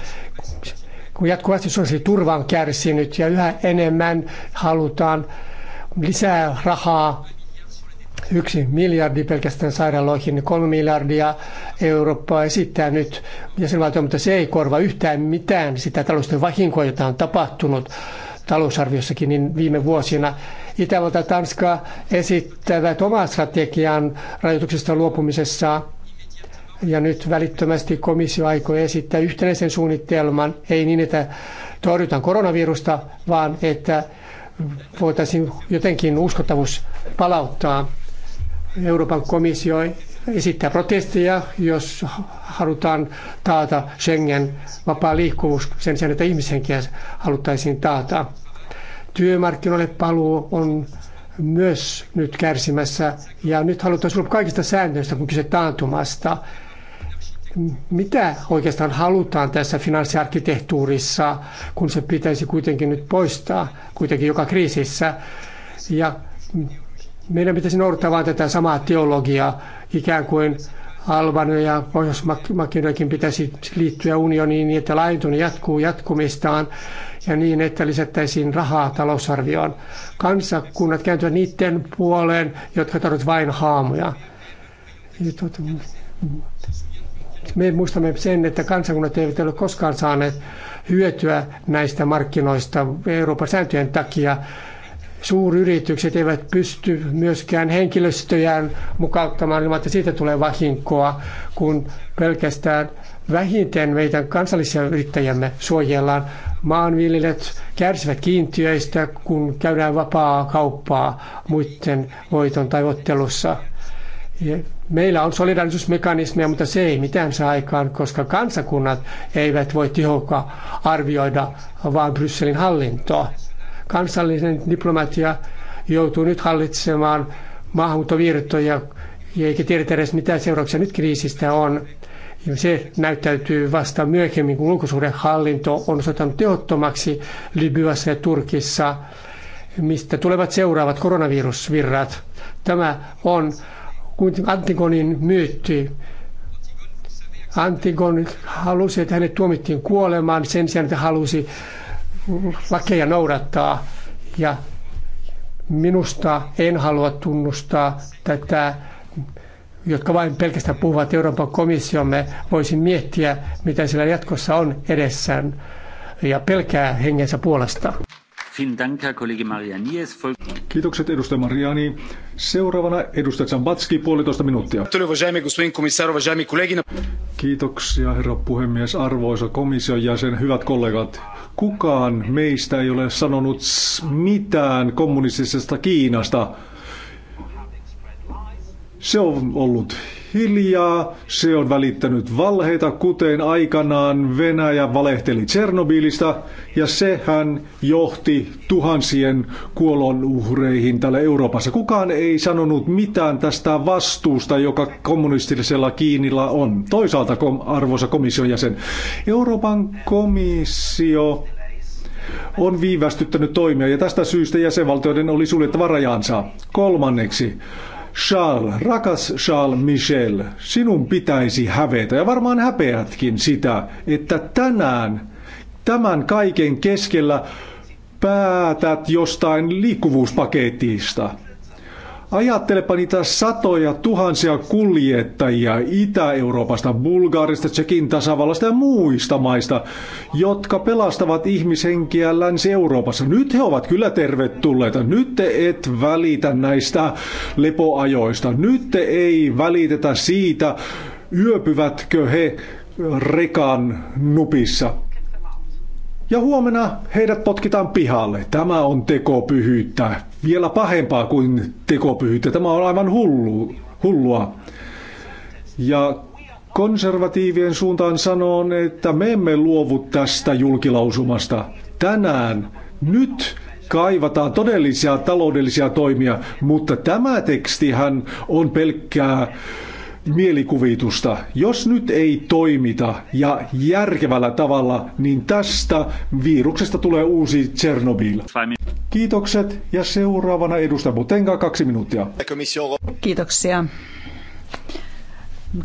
Kun jatkuvasti sosiaali turva on kärsinyt ja yhä enemmän halutaan lisää rahaa yksi miljardi pelkästään sairaaloihin, niin kolme miljardia Eurooppaa esittää nyt jäsenvaltio, mutta se ei korva yhtään mitään sitä talousten vahinkoa, jota on tapahtunut talousarviossakin niin viime vuosina. Itävalta ja Tanska esittävät omaa strategian rajoituksesta luopumisessa ja nyt välittömästi komissio aikoo esittää yhtenäisen suunnitelman, ei niin, että torjutaan koronavirusta, vaan että voitaisiin jotenkin uskottavuus palauttaa. Euroopan komissio esittää protesteja, jos halutaan taata Schengen vapaa liikkuvuus sen sijaan, että ihmishenkiä haluttaisiin taata. Työmarkkinoille paluu on myös nyt kärsimässä ja nyt halutaan sulkea kaikista säännöistä, kun kyse taantumasta. Mitä oikeastaan halutaan tässä finanssiarkkitehtuurissa, kun se pitäisi kuitenkin nyt poistaa kuitenkin joka kriisissä? Ja meidän pitäisi noudattaa vain tätä samaa teologiaa, ikään kuin Albania ja pohjois pitäisi liittyä unioniin niin, että laajentuminen jatkuu jatkumistaan ja niin, että lisättäisiin rahaa talousarvioon. Kansakunnat kääntyvät niiden puoleen, jotka tarvitsevat vain haamuja. Tuota, me muistamme sen, että kansakunnat eivät ole koskaan saaneet hyötyä näistä markkinoista Euroopan sääntöjen takia suuryritykset eivät pysty myöskään henkilöstöjään mukauttamaan ilman, että siitä tulee vahinkoa, kun pelkästään vähiten meidän kansallisia yrittäjämme suojellaan. Maanviljelijät kärsivät kiintiöistä, kun käydään vapaa kauppaa muiden voiton tavoittelussa. Meillä on solidarisuusmekanismeja, mutta se ei mitään saa aikaan, koska kansakunnat eivät voi tihoka arvioida, vaan Brysselin hallintoa kansallinen diplomatia joutuu nyt hallitsemaan maahanmuuttovirtoja, eikä tiedetä edes mitä seurauksia nyt kriisistä on. Ja se näyttäytyy vasta myöhemmin, kun ulkosuhdehallinto on osoittanut tehottomaksi Libyassa ja Turkissa, mistä tulevat seuraavat koronavirusvirrat. Tämä on Antigonin myytti. Antigon halusi, että hänet tuomittiin kuolemaan sen sijaan, että halusi lakeja noudattaa. Ja minusta en halua tunnustaa tätä, jotka vain pelkästään puhuvat Euroopan komissiomme, voisin miettiä, mitä sillä jatkossa on edessään ja pelkää hengensä puolesta. Kiitokset edustaja Mariani. Seuraavana edustaja Zambatski, puolitoista minuuttia. Kiitoksia herra puhemies, arvoisa komission jäsen, hyvät kollegat. Kukaan meistä ei ole sanonut mitään kommunistisesta Kiinasta. Se on ollut hiljaa, se on välittänyt valheita, kuten aikanaan Venäjä valehteli Tsernobilista, ja sehän johti tuhansien kuolonuhreihin täällä Euroopassa. Kukaan ei sanonut mitään tästä vastuusta, joka kommunistisella Kiinilla on. Toisaalta, kom, arvoisa komission jäsen, Euroopan komissio on viivästyttänyt toimia, ja tästä syystä jäsenvaltioiden oli suljettava rajansa. Kolmanneksi, Charles, rakas Charles Michel, sinun pitäisi hävetä ja varmaan häpeätkin sitä, että tänään tämän kaiken keskellä päätät jostain liikkuvuuspaketista. Ajattelepa niitä satoja tuhansia kuljettajia Itä-Euroopasta, Bulgaarista, Tsekin tasavallasta ja muista maista, jotka pelastavat ihmishenkiä Länsi-Euroopassa. Nyt he ovat kyllä tervetulleita. Nyt te et välitä näistä lepoajoista. Nyt te ei välitetä siitä, yöpyvätkö he rekan nupissa. Ja huomenna heidät potkitaan pihalle. Tämä on tekopyhyyttä vielä pahempaa kuin tekopyhyyttä. Tämä on aivan hullu, hullua. Ja konservatiivien suuntaan sanon, että me emme luovu tästä julkilausumasta. Tänään, nyt kaivataan todellisia taloudellisia toimia, mutta tämä tekstihän on pelkkää mielikuvitusta. Jos nyt ei toimita ja järkevällä tavalla, niin tästä viruksesta tulee uusi Tsernobyl. Kiitokset ja seuraavana edustaja Butenka kaksi minuuttia. Kiitoksia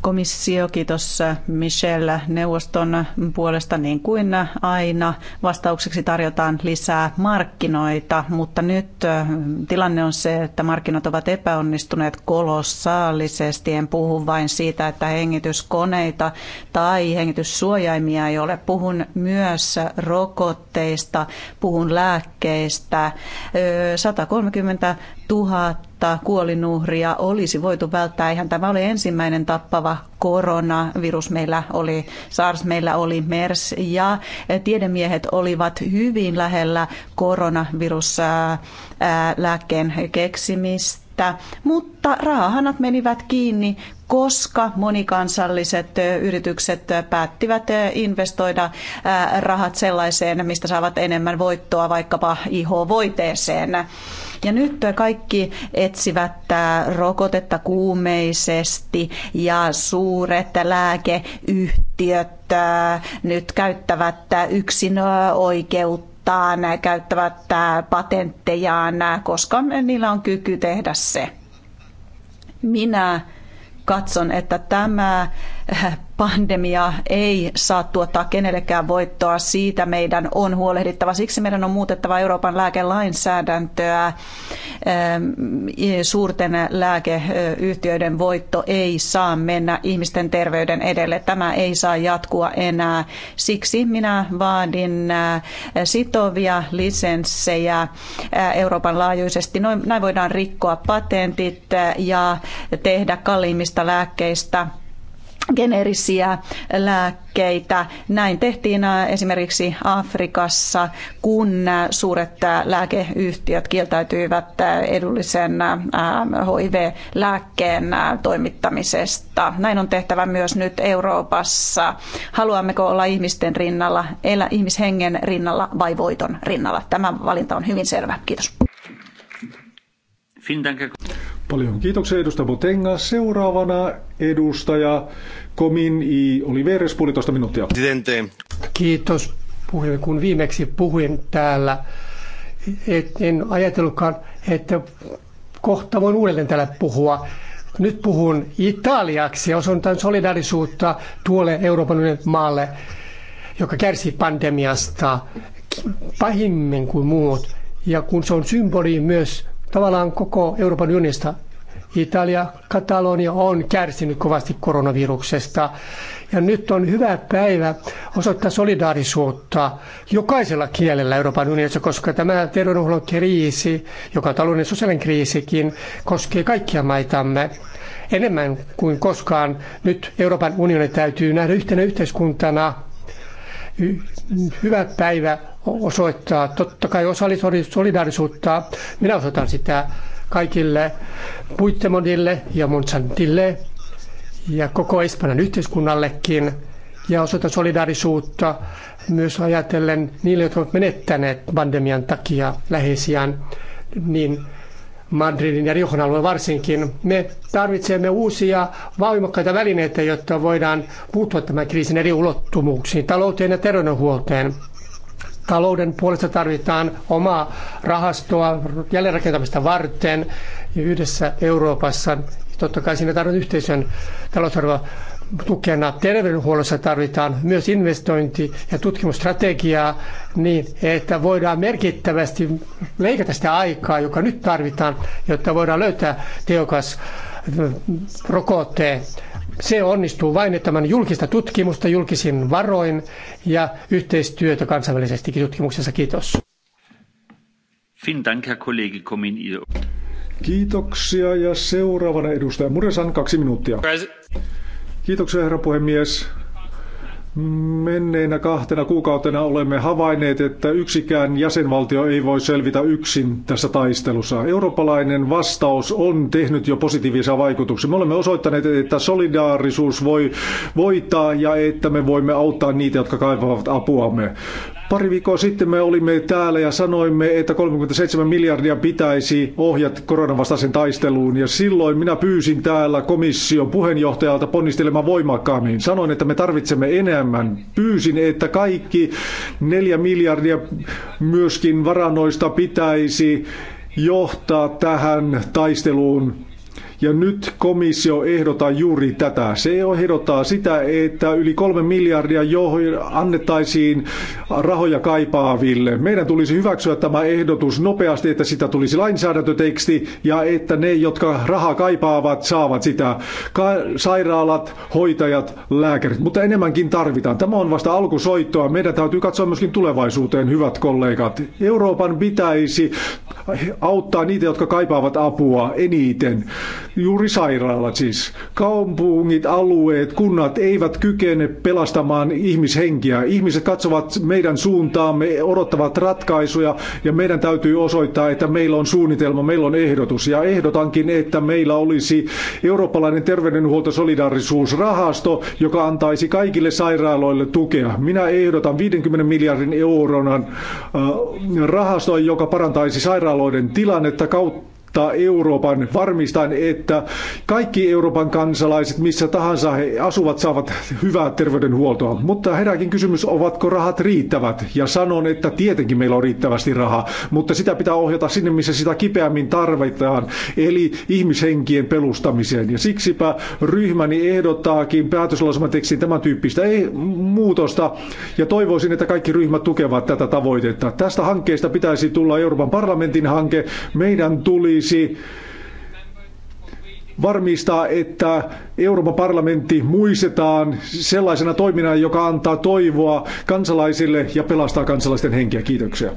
komissio, kiitos äh, Michelle neuvoston puolesta niin kuin äh, aina. Vastaukseksi tarjotaan lisää markkinoita, mutta nyt äh, tilanne on se, että markkinat ovat epäonnistuneet kolossaalisesti. En puhu vain siitä, että hengityskoneita tai hengityssuojaimia ei ole. Puhun myös rokotteista, puhun lääkkeistä. 130 000 jotta kuolinuhria olisi voitu välttää. Eihän tämä ole ensimmäinen tappava koronavirus. Meillä oli SARS, meillä oli MERS ja tiedemiehet olivat hyvin lähellä koronaviruslääkkeen keksimistä että, mutta rahahanat menivät kiinni, koska monikansalliset yritykset päättivät investoida rahat sellaiseen, mistä saavat enemmän voittoa vaikkapa IH-voiteeseen. Ja nyt kaikki etsivät rokotetta kuumeisesti ja suuret lääkeyhtiöt nyt käyttävät yksin oikeutta tuotteistaan, käyttävät patenttejaan, koska niillä on kyky tehdä se. Minä katson, että tämä pandemia ei saa tuottaa kenellekään voittoa. Siitä meidän on huolehdittava. Siksi meidän on muutettava Euroopan lääkelainsäädäntöä. Ehm, suurten lääkeyhtiöiden voitto ei saa mennä ihmisten terveyden edelle. Tämä ei saa jatkua enää. Siksi minä vaadin äh, sitovia lisenssejä äh, Euroopan laajuisesti. Noin, näin voidaan rikkoa patentit äh, ja tehdä kalliimmista lääkkeistä geneerisiä lääkkeitä. Näin tehtiin äh, esimerkiksi Afrikassa, kun äh, suuret äh, lääkeyhtiöt kieltäytyivät edullisen HIV-lääkkeen toimittamisesta. Näin on tehtävä myös nyt Euroopassa. Haluammeko olla ihmisten rinnalla, elä ihmishengen rinnalla vai voiton rinnalla? Tämä valinta on hyvin selvä. Kiitos paljon. Kiitoksia edustaja Botenga. Seuraavana edustaja Komin I. Oliveres, puolitoista minuuttia. Kiitos puheen, kun viimeksi puhuin täällä. Et, en ajatellutkaan, että kohta voin uudelleen täällä puhua. Nyt puhun italiaksi ja osoitan solidarisuutta tuolle Euroopan unionin maalle, joka kärsii pandemiasta pahimmin kuin muut. Ja kun se on symboli myös tavallaan koko Euroopan unionista. Italia, Katalonia on kärsinyt kovasti koronaviruksesta. Ja nyt on hyvä päivä osoittaa solidaarisuutta jokaisella kielellä Euroopan unionissa, koska tämä terveydenhuollon kriisi, joka talouden sosiaalinen kriisikin, koskee kaikkia maitamme enemmän kuin koskaan. Nyt Euroopan unioni täytyy nähdä yhtenä yhteiskuntana, hyvä päivä osoittaa totta kai solidaarisuutta. Minä osoitan sitä kaikille Puittemonille ja Monsantille ja koko Espanjan yhteiskunnallekin. Ja osoitan solidaarisuutta myös ajatellen niille, jotka ovat menettäneet pandemian takia läheisiään, niin Madridin ja Riohon alue varsinkin. Me tarvitsemme uusia voimakkaita välineitä, jotta voidaan puuttua tämän kriisin eri ulottumuksiin, talouteen ja terveydenhuolteen. Talouden puolesta tarvitaan omaa rahastoa jälleenrakentamista varten ja yhdessä Euroopassa. Totta kai siinä tarvitaan yhteisön talousarvoa tukena terveydenhuollossa tarvitaan myös investointi- ja tutkimusstrategiaa niin, että voidaan merkittävästi leikata sitä aikaa, joka nyt tarvitaan, jotta voidaan löytää tehokas rokote. Se onnistuu vain tämän julkista tutkimusta julkisin varoin ja yhteistyötä kansainvälisestikin tutkimuksessa. Kiitos. Kiitoksia ja seuraavana edustaja Muresan kaksi minuuttia. Kiitoksia herra puhemies. Menneinä kahtena kuukautena olemme havainneet, että yksikään jäsenvaltio ei voi selvitä yksin tässä taistelussa. Eurooppalainen vastaus on tehnyt jo positiivisia vaikutuksia. Me olemme osoittaneet, että solidaarisuus voi voittaa ja että me voimme auttaa niitä, jotka kaipaavat apuamme. Pari viikkoa sitten me olimme täällä ja sanoimme, että 37 miljardia pitäisi ohjat koronavastaisen taisteluun. Ja silloin minä pyysin täällä komission puheenjohtajalta ponnistelemaan voimakkaammin. Sanoin, että me tarvitsemme enemmän. Pyysin, että kaikki 4 miljardia myöskin varannoista pitäisi johtaa tähän taisteluun ja nyt komissio ehdottaa juuri tätä. Se ehdottaa sitä, että yli kolme miljardia johon annettaisiin rahoja kaipaaville. Meidän tulisi hyväksyä tämä ehdotus nopeasti, että sitä tulisi lainsäädäntöteksti ja että ne, jotka rahaa kaipaavat, saavat sitä. Ka- sairaalat, hoitajat, lääkärit, mutta enemmänkin tarvitaan. Tämä on vasta alkusoittoa. Meidän täytyy katsoa myöskin tulevaisuuteen, hyvät kollegat. Euroopan pitäisi auttaa niitä, jotka kaipaavat apua eniten juuri sairaala siis. Kaupungit, alueet, kunnat eivät kykene pelastamaan ihmishenkiä. Ihmiset katsovat meidän suuntaamme, odottavat ratkaisuja ja meidän täytyy osoittaa, että meillä on suunnitelma, meillä on ehdotus. Ja ehdotankin, että meillä olisi eurooppalainen terveydenhuoltosolidarisuusrahasto, joka antaisi kaikille sairaaloille tukea. Minä ehdotan 50 miljardin euron äh, rahastoa, joka parantaisi sairaaloiden tilannetta kautta auttaa Euroopan varmistaen, että kaikki Euroopan kansalaiset, missä tahansa he asuvat, saavat hyvää terveydenhuoltoa. Mutta herääkin kysymys, ovatko rahat riittävät? Ja sanon, että tietenkin meillä on riittävästi rahaa, mutta sitä pitää ohjata sinne, missä sitä kipeämmin tarvitaan, eli ihmishenkien pelustamiseen. Ja siksipä ryhmäni ehdottaakin päätöslausumatekstiin tämän tyyppistä ei, muutosta, ja toivoisin, että kaikki ryhmät tukevat tätä tavoitetta. Tästä hankkeesta pitäisi tulla Euroopan parlamentin hanke. Meidän tuli tulisi varmistaa, että Euroopan parlamentti muistetaan sellaisena toiminnan, joka antaa toivoa kansalaisille ja pelastaa kansalaisten henkiä. Kiitoksia.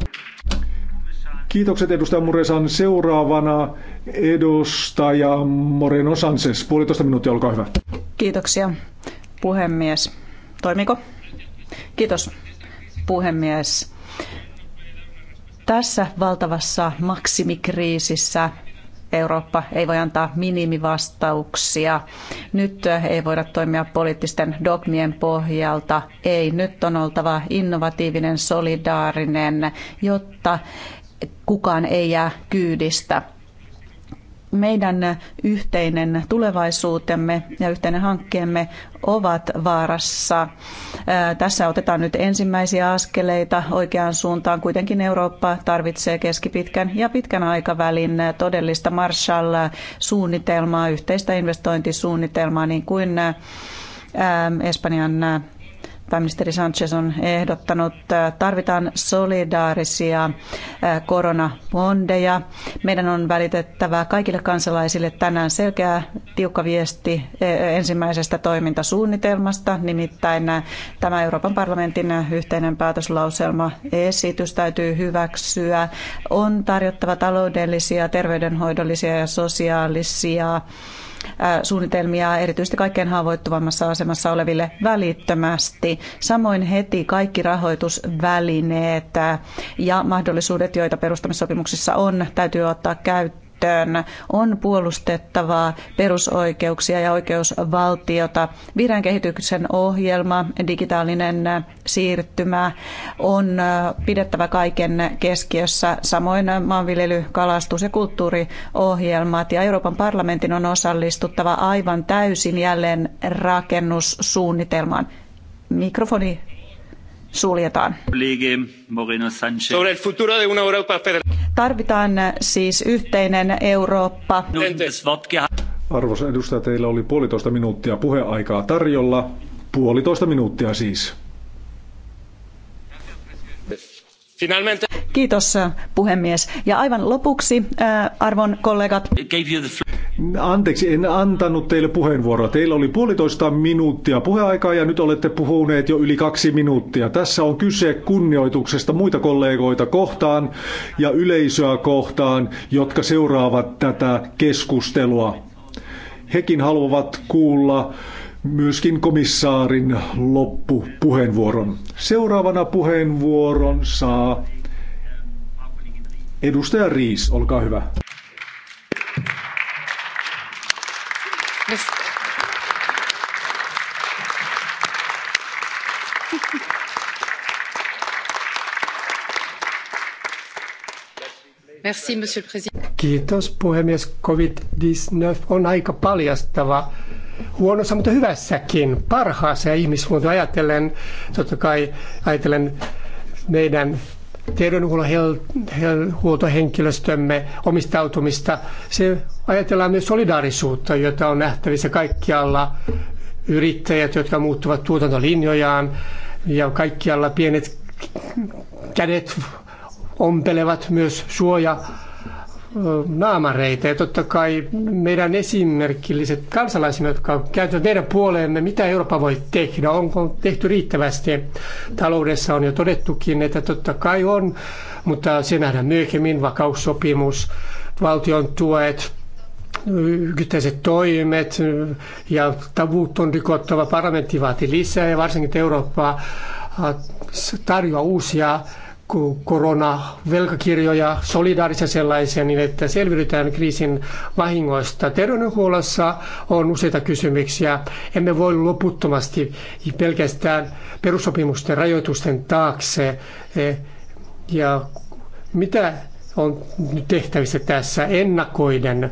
Kiitokset edustaja Muresan. Seuraavana edustaja Moreno Sanses. Puolitoista minuuttia, olkaa hyvä. Kiitoksia, puhemies. Toimiko? Kiitos, puhemies. Tässä valtavassa maksimikriisissä Eurooppa ei voi antaa minimivastauksia. Nyt ei voida toimia poliittisten dogmien pohjalta. Ei, nyt on oltava innovatiivinen, solidaarinen, jotta kukaan ei jää kyydistä meidän yhteinen tulevaisuutemme ja yhteinen hankkeemme ovat vaarassa. Tässä otetaan nyt ensimmäisiä askeleita oikeaan suuntaan. Kuitenkin Eurooppa tarvitsee keskipitkän ja pitkän aikavälin todellista Marshall-suunnitelmaa, yhteistä investointisuunnitelmaa, niin kuin Espanjan pääministeri Sanchez on ehdottanut, tarvitaan solidaarisia koronabondeja. Meidän on välitettävä kaikille kansalaisille tänään selkeä tiukka viesti ensimmäisestä toimintasuunnitelmasta, nimittäin tämä Euroopan parlamentin yhteinen päätöslauselma esitys täytyy hyväksyä. On tarjottava taloudellisia, terveydenhoidollisia ja sosiaalisia suunnitelmia erityisesti kaikkein haavoittuvammassa asemassa oleville välittömästi. Samoin heti kaikki rahoitusvälineet ja mahdollisuudet, joita perustamissopimuksissa on, täytyy ottaa käyttöön käyttöön. On puolustettavaa perusoikeuksia ja oikeusvaltiota. Vihreän kehityksen ohjelma, digitaalinen siirtymä on pidettävä kaiken keskiössä, samoin maanviljely, kalastus ja kulttuuriohjelmat. Ja Euroopan parlamentin on osallistuttava aivan täysin jälleen rakennussuunnitelmaan. Mikrofoni suljetaan. Tarvitaan eh, siis yhteinen Eurooppa. No, Arvoisa edustaja, teillä oli puolitoista minuuttia puheaikaa tarjolla. Puolitoista minuuttia siis. Finalmente. Kiitos äh, puhemies. Ja aivan lopuksi, äh, arvon kollegat. Anteeksi, en antanut teille puheenvuoroa. Teillä oli puolitoista minuuttia puheaikaa ja nyt olette puhuneet jo yli kaksi minuuttia. Tässä on kyse kunnioituksesta muita kollegoita kohtaan ja yleisöä kohtaan, jotka seuraavat tätä keskustelua. Hekin haluavat kuulla myöskin komissaarin loppupuheenvuoron. Seuraavana puheenvuoron saa edustaja Riis, olkaa hyvä. Kiitos puhemies. COVID-19 on aika paljastava huonossa, mutta hyvässäkin, parhaassa ja ihmisluonto ajatellen, totta kai ajatellen meidän terveydenhuoltohenkilöstömme omistautumista. Se ajatellaan myös solidaarisuutta, jota on nähtävissä kaikkialla yrittäjät, jotka muuttuvat tuotantolinjojaan ja kaikkialla pienet kädet ompelevat myös suoja naamareita. Ja totta kai meidän esimerkilliset kansalaisimme, jotka käyttävät meidän puoleemme, mitä Eurooppa voi tehdä, onko tehty riittävästi. Taloudessa on jo todettukin, että totta kai on, mutta se nähdään myöhemmin, vakaussopimus, valtion tuet, yksittäiset toimet ja tavuut on rikottava, parlamentti vaati lisää ja varsinkin Eurooppaa tarjoaa uusia koronavelkakirjoja, solidaarisia sellaisia, niin että selviydytään kriisin vahingoista. Terveydenhuollossa on useita kysymyksiä. Emme voi loputtomasti pelkästään perussopimusten rajoitusten taakse. Eh, ja mitä on tehtävissä tässä ennakoiden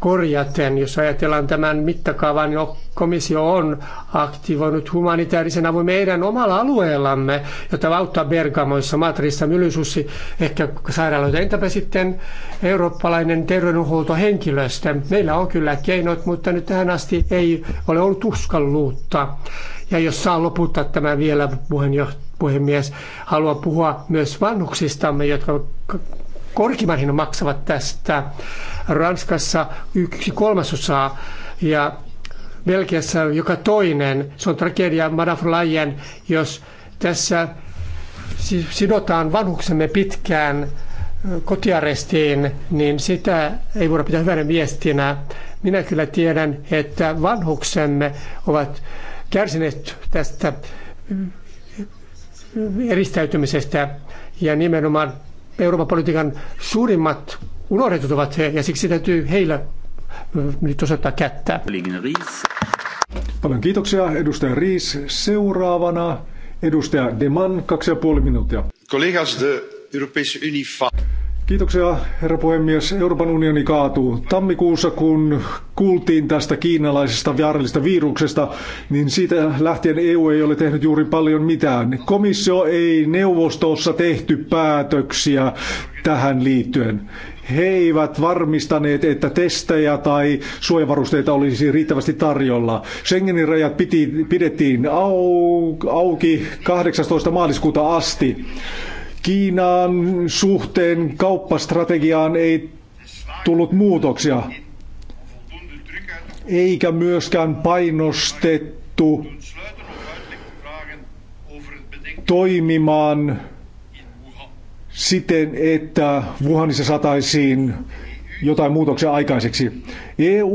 korjaten. Jos ajatellaan tämän mittakaavan, niin komissio on aktivoinut humanitaarisen avun meidän omalla alueellamme, jota auttaa Bergamoissa, Matrissa, Mylysussi, ehkä sairaaloita. Entäpä sitten eurooppalainen terveydenhuoltohenkilöstö? Meillä on kyllä keinot, mutta nyt tähän asti ei ole ollut uskalluutta. Ja jos saan loputtaa tämä vielä, puhemies, haluan puhua myös vanhuksistamme, jotka korkeimman hinnan maksavat tästä. Ranskassa yksi kolmasosaa ja Belgiassa joka toinen. Se on tragedia Madame jos tässä sidotaan vanhuksemme pitkään kotiarestiin, niin sitä ei voida pitää hyvänä viestinä. Minä kyllä tiedän, että vanhuksemme ovat kärsineet tästä eristäytymisestä ja nimenomaan Euroopan politiikan suurimmat unohdetut ovat he, ja siksi täytyy heillä nyt osoittaa kättä. Paljon kiitoksia, edustaja Riis. Seuraavana edustaja Deman, kaksi ja puoli minuuttia. Collega's, de Europese Unie Kiitoksia, herra puhemies. Euroopan unioni kaatuu. Tammikuussa, kun kuultiin tästä kiinalaisesta vaarallisesta viruksesta, niin siitä lähtien EU ei ole tehnyt juuri paljon mitään. Komissio ei neuvostossa tehty päätöksiä tähän liittyen. He eivät varmistaneet, että testejä tai suojavarusteita olisi riittävästi tarjolla. Schengenin rajat piti, pidettiin auki 18. maaliskuuta asti. Kiinan suhteen kauppastrategiaan ei tullut muutoksia, eikä myöskään painostettu toimimaan siten, että Wuhanissa saataisiin jotain muutoksia aikaiseksi. EU